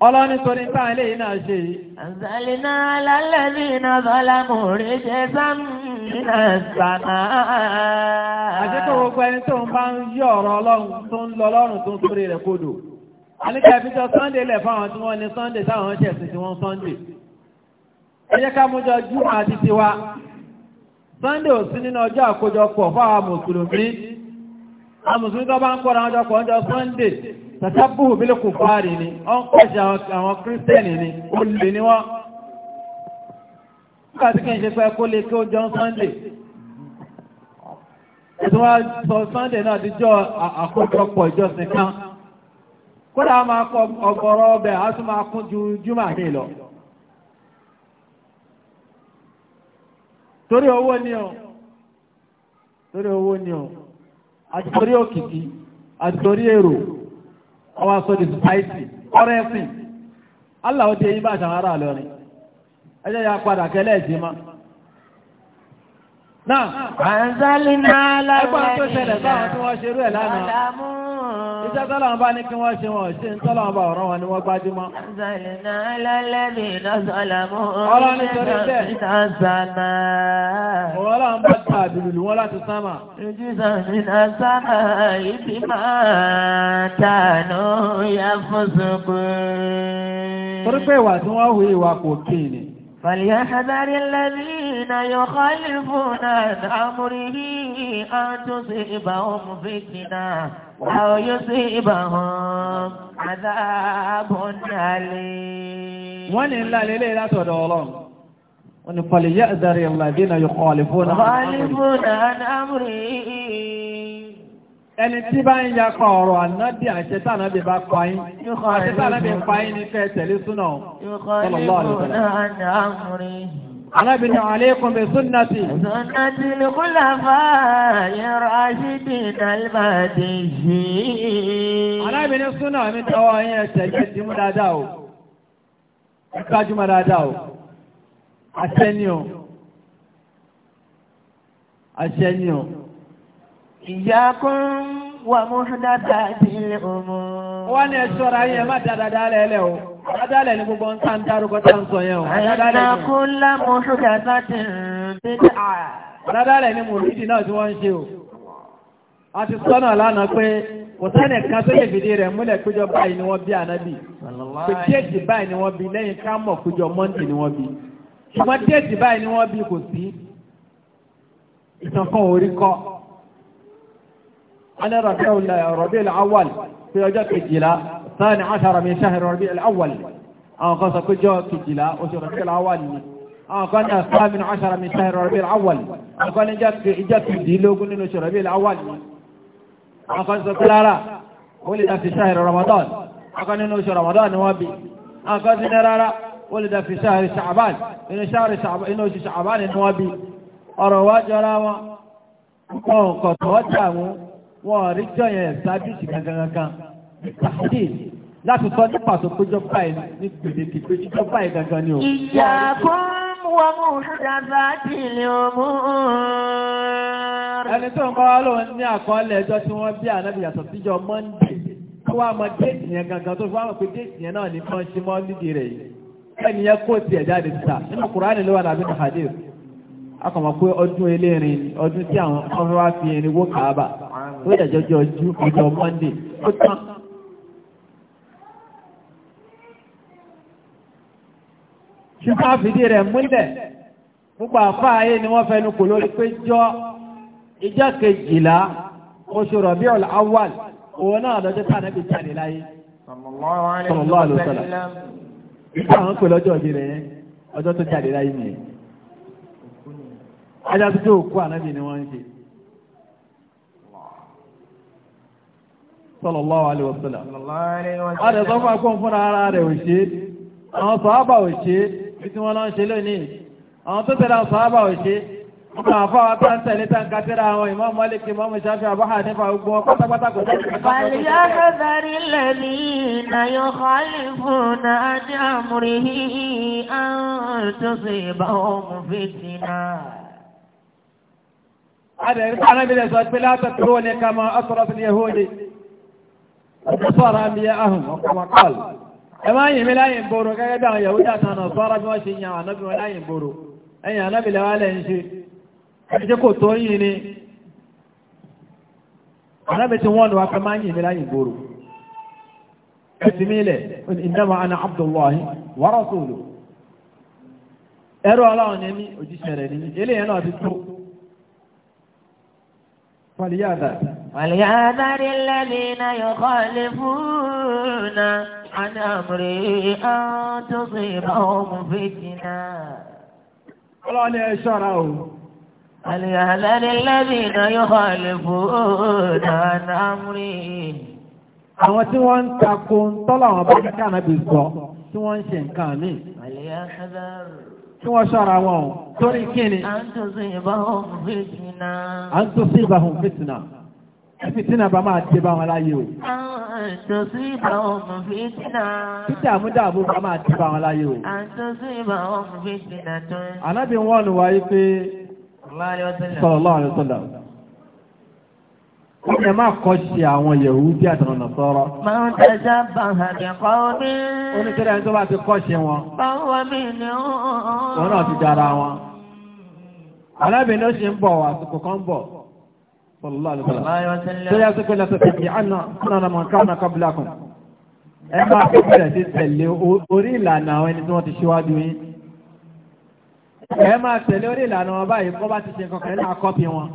Ọlọ́ni torí tá yìí náà ṣe yìí. Àzàlínà lálẹ́bí iná bọ́lámù rí jẹ́ sáàmìnà sàmà. Àṣẹ́kọ̀ gbogbo ń bá ń yí ọ̀rọ̀ ẹjẹ́ ká mújọ júmọ̀ àti tiwa sunday ò sí nínú ọjọ́ àkójọpọ̀ fáwọn mùsùlùmí a mùsùlùmí tó bá ń kọ́ra ọjọ́ pọ̀ ọjọ́ sunday tàtàbùhù bí lókùn fáàrí ni ó ń pẹ̀ṣẹ̀ àwọn kírísítẹ́nì ni ó lè ní wọ́n nígbà tí kí n ṣe pé kó lè kí ó jọ sunday ẹ̀tún wá sọ sunday náà kódà máa kọ ọgọ́rọ̀ ọbẹ̀ á tún máa kún ju júmọ̀ àdé lọ torí owó ni o torí owó ni o àtìtorí òkìkí àtìtorí èrò ọwọ́ asọ́dì society ọ̀rọ̀ ẹ̀sìn Allah ó dé yí bá àṣàwọn ará lọ́rin ẹjẹ́ ya padà kẹlẹ́ ẹ̀sìn ma náà àǹzálínà lábẹ́ ẹ̀yìn náà Iṣẹ́ tọ́lọ̀ bá ní kí wọ́n ṣe wọ́n ṣe ń tọ́lọ̀ bá ọ̀rọ̀ wọn ni wọ́n gbájúmọ́. Zàlìnà alálẹ́bì lọ́sọ̀lọ́mù. Ọlọ́run ní torí bẹ́ẹ̀. Ìtàzàmà. Ọlọ́run bá ta àdùlù wọn Torí pé ìwà tí wọ́n hu ìwà kò kí ni. فليحذر الذين يخالفون عن أمره أن تصيبهم فتنة àwọn yóò ṣe ìbàhàn àdáàbọ̀nálẹ̀. wọ́n ní ńlá lélẹ̀ látọ̀dọ̀ ọlọ́run wọ́n ní pàlẹ̀ yá ìdarí ìlàdínà yóò kọ́ àlìfóònà. àlìfóònà àmúrí. ẹni tí bá ń yapa ọ̀rọ̀ ànádì àṣẹ tànàbì bá pa yín àṣẹ tànàbì pa yín ní fẹ́ tẹ̀lé súnà. yóò kọ́ àlìfóònà àmúrí. Arábìnrin àlékún bí súnnàtì. Súnnàtì lè kú làfà yẹ̀rọ aṣídì ìdálmàdì yìí. Arábìnrin súnnà mi tọwọ́ yẹn tẹ̀lé ti mú dáadáa o. Ìgbájúmọ̀ dáadáa o. Àṣẹ ni Ìyá kún wà mú dáadáa ti lè wá ní ẹjọ́ ara yẹn má dáadáa lẹ́lẹ́ o dáadáa ní gbogbo nǹkan ń dárúkọ tá ń sọ yẹn o. àyàtà kó lámú ṣúgà bá ti o. a ti sọ́nà lánàá pé kò sẹ́ni kan tó fìdí rẹ̀ múlẹ̀ báyìí ni wọ́n bí ànábì déètì báyìí ni wọ́n bí lẹ́yìn ká mọ̀ ni wọ́n bí ṣùgbọ́n déètì báyìí ni wọ́n bí kò sí orí kọ́. على ربيع الربيع الأول في ọjọ́ kejìlá ثاني عشر من شهر ربيع الأول àwọn kan sọ pé jọ kejìlá oṣù ربيع الأول àwọn kan ní الثامن عشر من شهر ربيع الأول àwọn kan ní ìjọ kejìlógún nínú oṣù ربيع الأول àwọn kan sọ pé rárá ولد في شهر رمضان àwọn kan nínú oṣù Ramadan wọ́n bí àwọn kan sí ní rárá ولد في شهر شعبان inú شهر شعبان inú oṣù Ṣàbáàn ni wọ́n bí ọ̀rọ̀ wájú ara wọn wọn kọ̀ tọ́jà wọn wọn rí jọ yẹn ṣáájú sí gangan láti sọ ní pàtó péjọ báyìí ní gbèdéke péjọ báyìí gangan ni o. ìyá fún wọn mú dàbà tìlẹ̀ òmù. ẹni tó ń bá wa lóun ní àkọọ́lẹ̀ ẹjọ́ tí wọ́n bí ànábì yàtọ̀ síjọ mọ́ndé tó wá mọ déètì yẹn gangan tó fi wá mọ̀ pé déètì yẹn náà ní kán ṣe mọ́ nídìí rẹ̀ yìí. ẹni yẹn kó tiẹ̀ jáde síta nínú Kùránì ló wà lábẹ́ nàhàdìr. a kàn mọ̀ pé ọdún eléyìí ọdún tí àwọn ọmọ wa fi ẹni wó kàá bà ó dẹ̀ jọjọ ojú ọjọ́ Monday ó tán. ṣùgbọ́n àfìdí rẹ̀ múlẹ̀ púpọ̀ àfáàyè ni wọ́n fẹnu kò lórí pé jọ ìjọ kejìlá oṣù Rabiul awal. òun náà lọ́jọ́ tá ànábì jáde láyé. Sallallahu alaihi wasallam. Ìgbà àwọn pè lọ́jọ́ òbí rẹ̀ yẹn, ọjọ́ tó jáde láyé nìyẹn. Ajá tó òkú ànábì sallallahu alaihi wasallam a lè sọ fún akọ́ fún ara rẹ̀ ò ṣe àwọn sàábà ò ṣe bí tí wọ́n lọ ń ṣe lónìí àwọn tó tẹ̀lé sàábà ò ṣe ọmọ àfáwà tó ń tẹ̀lé tán kátẹ́rà àwọn ìmọ̀ mọ́lẹ́kì mọ́mù ṣáfí àbáhà nípa ogun ọkọ̀ pátápátákò tó ń tẹ̀lé tán kátẹ́rà àwọn ìmọ̀ mọ́lẹ́kì mọ́mù àtẹ́sọ́ra ń bí ahùn ọkọ̀mọ̀kọ́l ẹ máa yìnbí láyìn boro gẹ́gẹ́ bí àwọn yahudi àtànà sọ́ra bí wọ́n ṣe yan ànábì wọn láyìn boro ẹ̀yìn ànábì lẹ́wà lẹ́ ń ṣe ẹ̀ṣẹ́ kò tó yìn ni ànábì tí wọ́n wá fẹ́ máa yìnbí láyìn boro ẹ̀sìn mi lẹ̀ innama ana abdullahi wa rasuluhu ẹ̀rọ ọlọ́run ní òjíṣẹ́ rẹ̀ ní eléyìí náà ti tó وليعذر الَّذِينَ يُخَالِفُونَ عَنْ أَمْرِهِ أن تصيبهم فتنة ọlọ́ni ẹ ṣọ́ra o. Àlìyàlẹ́ni lẹ́bìnà yóò hàlẹ̀ fòónà àmúrí. Àwọn tí wọ́n ń takò ń tọ́lọ̀ àwọn bá kíkà náà bí sọ, tí wọ́n ń ṣe nǹkan mí. Kí wọ́n ṣọ́ra wọn o, torí kí ni? À ń tó sí ìbáhùn fìtìnà. À ń tó sí ìbáhùn fìtìnà. Fìtínà bá máa dé bá wọn láyé o. Àtọ̀sí ìbá ọmọ fìtínà. Títí àmúdàbò bá máa dé bá wọn láyé o. Àtọ̀sí ìbá ọmọ fìtínà tó. Ànábì wọ́n nù wáyé pé sallallahu alaihi wasallam. Wọ́n yẹ máa kọ́ ṣe àwọn Yẹ̀húdí àtàwọn Nàsárà. Máa ń tẹ̀sẹ̀ bá àbí kọ́ mi. Oníkẹ́rẹ́ ẹni tó bá ti kọ́ ṣe wọn. Báwo mi ni ó? Wọ́n náà ti dára wọn. Alábìnrin ló ṣe ń bọ̀ àsìkò kan bọ̀. صلى الله عليه وسلم سيأتك لتتبعن سنن من كان قبلكم ẹ máa kẹ́kẹ́ sí tẹ̀lé orí ìlànà àwọn ẹni tí wọ́n ti ṣíwájú yín ẹ máa tẹ̀lé orí ìlànà wọn báyìí kọ́ bá ti ṣe kankan náà kọ́pì wọn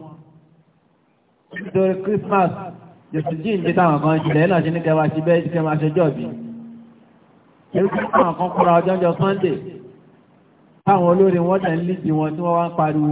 nítorí Christmas jòsù jíìn bí táwọn kan jùlẹ̀ náà ṣe ní kẹwàá ṣe bẹ́ẹ̀ ṣe máa ṣe jọ́ọ̀bì èyí tí àwọn kan kúra ọjọ́jọ́ Sunday táwọn olórin wọ́n tẹ̀ ń lídìí wọn tí wọ́n wá ń pariwo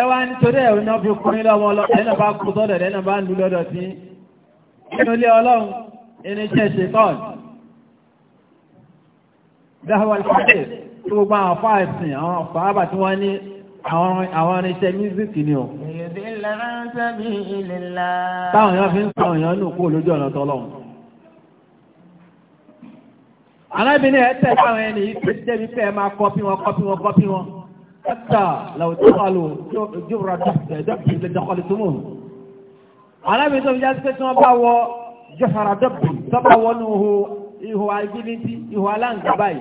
ẹwà nítorí ẹ̀rù náà fi kùnrin lọ́wọ́ ẹ̀nà bá kú sọ́dọ̀ ẹ̀nà bá ń lú lọ́dọ̀ sí inú ilé ọlọ́run irinṣẹ́ ṣetán dáhùwà ìpàdé tí gbogbo àwọn afọ àìsìn àwọn afọ àbà tí wọ́n ní àwọn irinṣẹ́ mísíkì ni o. táwọn èèyàn fi ń sọ èèyàn nù kú lójú ọ̀nà tọ́lọ́run. alábìnrin ẹ̀ tẹ̀ sáwọn ẹni yìí pé débi pé ẹ máa kọ́pí wọn kọ́pí wọn حتى لو دخلوا جبر دب لدخلتموه alábi tó fi já sí pé tí wọ́n bá wọ jọfara dọ́pù tọ́pọ̀ wọnú ihò agiliti ihò aláǹkà báyìí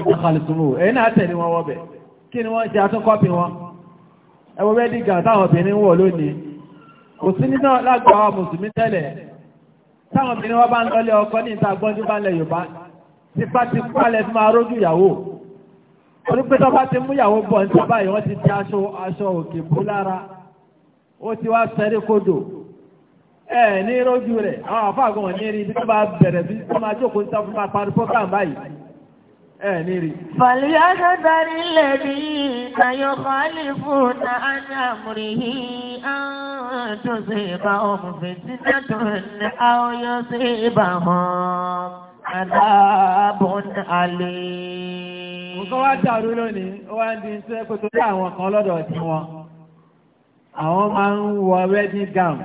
ìdàkàlùtùmù èyí náà tẹ̀lé wọn wọ́bẹ̀ kí ni wọ́n ṣe àtúnkọ́pì wọn ẹwọ bẹ́ẹ̀ dìgà táwọn obìnrin wọ̀ lónìí kò sí nínú lágbàá mùsùlùmí tẹ́lẹ̀ táwọn obìnrin wọn bá ń lọlé ọkọ ní ìta gbọ́njú bá ń lẹ Yorùbá tipátipá lẹ onípẹ́tọ́ bá ti múyàwó bọ̀ ní sábà yìí wọ́n ti di aṣọ aṣọ òkè bú lára ó ti wá sẹ́rí kodò ẹ ní rójú rẹ̀ àwọn àfáàgùn ní rí ibi tó bá bẹ̀rẹ̀ bí tó máa jókòó níta fún máa parí program báyìí ẹ ní rí. fàlíyà tó darí lẹ́bi ìtayọ̀ kọ́lì fún ní àmúrí yìí tó ṣe ìbá ọmọ fèsì tó tó ní àwòyọ sí ìbá hàn. àdábùn àlè. Nǹkan wá dàrú lónìí, ó wá ń di iṣẹ́ kó tó àwọn kan lọ́dọ̀ tí wọn. Àwọn máa ń wọ wedding gown.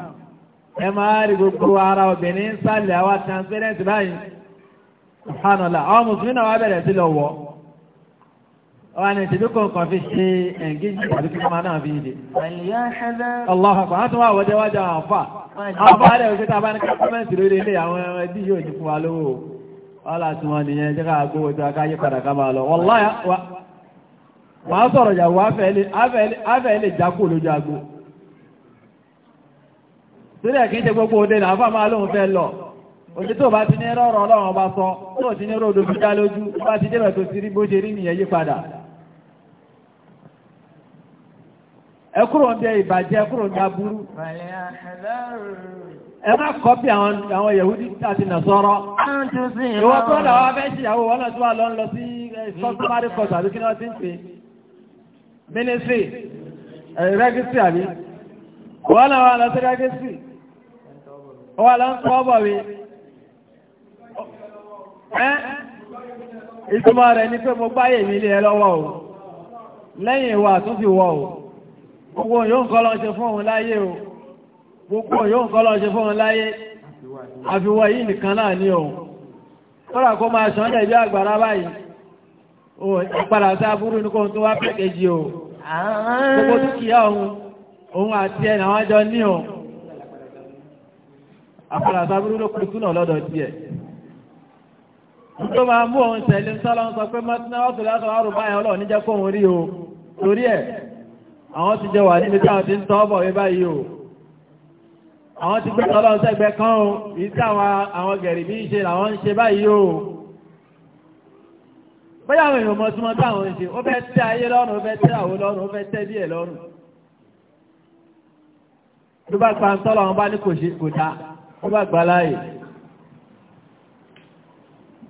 Ẹ máa rí gbogbo ara obìnrin sálẹ̀ àwa transparent báyìí. Subhanallah, àwọn Mùsùlùmí náà wá bẹ̀rẹ̀ sí lọ wọ̀. Ọwọ́ ni ìtìlú kọ̀ọ̀kan fi ṣe ẹ̀ngíjì tàbí kí máa náà fi ìdè. Allah ọ̀pọ̀ àti wà wọ́jẹ́wájà àwọn àfà. Àwọn àfà rẹ̀ òkúta bá ní kọ́mẹ́ntì lórí ilé àwọn ẹbí yóò ní fún wa wọ́lá tí wọ́n nìyẹn jẹ́ káà gbówó tí a kama yí padà ká máa lọ wọ́láyà wà sọ̀rọ̀ ìyàwó afẹ́ lè jákò lójú agbó sílẹ̀ kí n ṣe gbogbo òde náà fà máa fẹ́ lọ òjì tó bá ti ní rọrọ ọlọ́run ọba sọ tó ti ní ròdò fi dá lójú bá ti débẹ̀ tó rí bó ṣe rí nìyẹn yí padà ẹ má kọ́pì àwọn yẹ̀húdí àti nàṣọ́rọ́. ìwọ tó dà wá fẹ́ ṣìyàwó wọn náà tó wà lọ ń lọ sí sọ́kúmárì kọ́sù àbí kí ni wọ́n ti ń pè mínísírì rẹ́gísírì àbí wọ́n náà wà lọ sí rẹ́gísírì wọ́n lọ ń kọ́ bọ̀ wí. ìtumọ̀ rẹ̀ ni pé mo báyè mi lé ẹ lọ́wọ́ o lẹ́yìn ìwà tó fi wọ̀ o gbogbo yóò ń kọ́ lọ ṣe fún òun láyé o gbogbo yóò ń kọ́lọ́ ṣe fún láyé àfiwọ̀ yìí nìkan náà ní ohun kọ́lá kó máa ṣán dẹ̀ bí àgbàrá báyìí o ìpadà sí aburú ní kóhun tó wá pẹ́kẹ́jì o gbogbo dúkìá ohun ohun àti ẹ̀nà àwọn jọ ní ohun àpadà sí aburú ló kùtù náà lọ́dọ̀ tiẹ̀ tó máa mú ohun tẹ̀lé sọ́lọ́ ń sọ pé mọ́tínáwọ́ tó àwọn ti gbé ọlọ́run sẹ́gbẹ́ kan o yìí tí àwọn gẹ̀rì bí ń ṣe làwọn ń ṣe báyìí o bóyá àwọn èèyàn mọ̀ súnmọ́ táwọn ń ṣe ó fẹ́ tẹ́ ayé lọ́rùn ó fẹ́ tẹ́ àwọ lọ́rùn ó fẹ́ tẹ́ díẹ̀ lọ́rùn tó bá gba ń tọ́lọ̀ wọn bá ní kò dá ó bá gba láàyè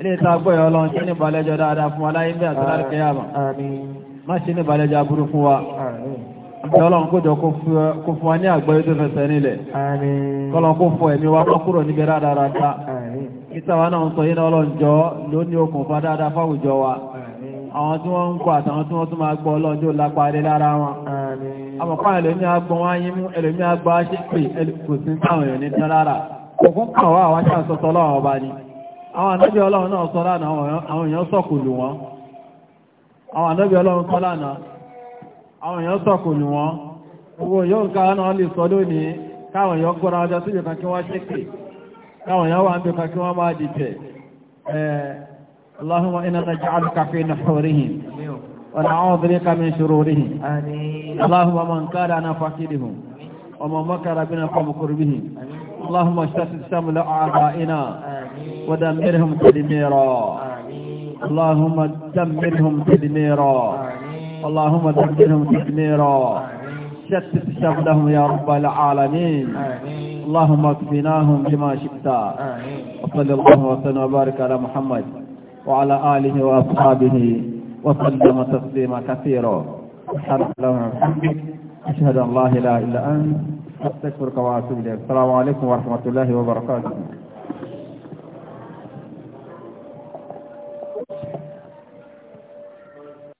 ilé ìta agbóyọ̀ ọlọ́run ṣe ní balẹ̀jọ dáadáa fún aláyé bẹ́ẹ̀ tó láti kẹyàmà má ṣe ní balẹ̀jọ aburú fún wa àbẹ̀ ọlọ́run kójọ kó fún wa ní àgbọ́yé tó fẹsẹ̀ nílẹ̀ kọ́lọ́n kó fún ẹ̀mí wa kúrò níbi rádaràta ìtawà náà ń sọ yín ọlọ́run jọ ló ní okùnfà dáadáa fáwùjọ wa àwọn tí wọ́n ń kọ́ àtàwọn tí wọ́n tún máa gbọ́ ọlọ́run jò lápárẹ́ lára wọn àmọ̀kọ́ ẹlòmí agbọ́n wáyé mú ẹlòmí agbọ́ á ṣe pé kò sí àwọn ànábí ọlọ́run náà sọ lánàá àwọn èèyàn sọ̀kù lù wọ́n àwọn ànábí ọlọ́run sọ lánàá àwọn èèyàn sọ̀kù lù owó yóò káwọn náà lè sọ lónìí káwọn èèyàn gbọ́ra ọjọ́ síbi kan kí wọ́n ṣékè káwọn èèyàn wà ń bí wọ́n máa dìtẹ̀ اللهم اشتت شمل أعدائنا ودمرهم تدميرا اللهم دمرهم تدميرا اللهم دمرهم تدميرا شتت شملهم يا رب العالمين اللهم اكفناهم بما شئت وصلى الله وسلم وبارك على محمد وعلى آله وأصحابه وسلم تسليما كثيرا سبحانك اللهم أشهد أن لا إله إلا أنت أستشكرك وأتوب إليك السلام عليكم ورحمة الله وبركاته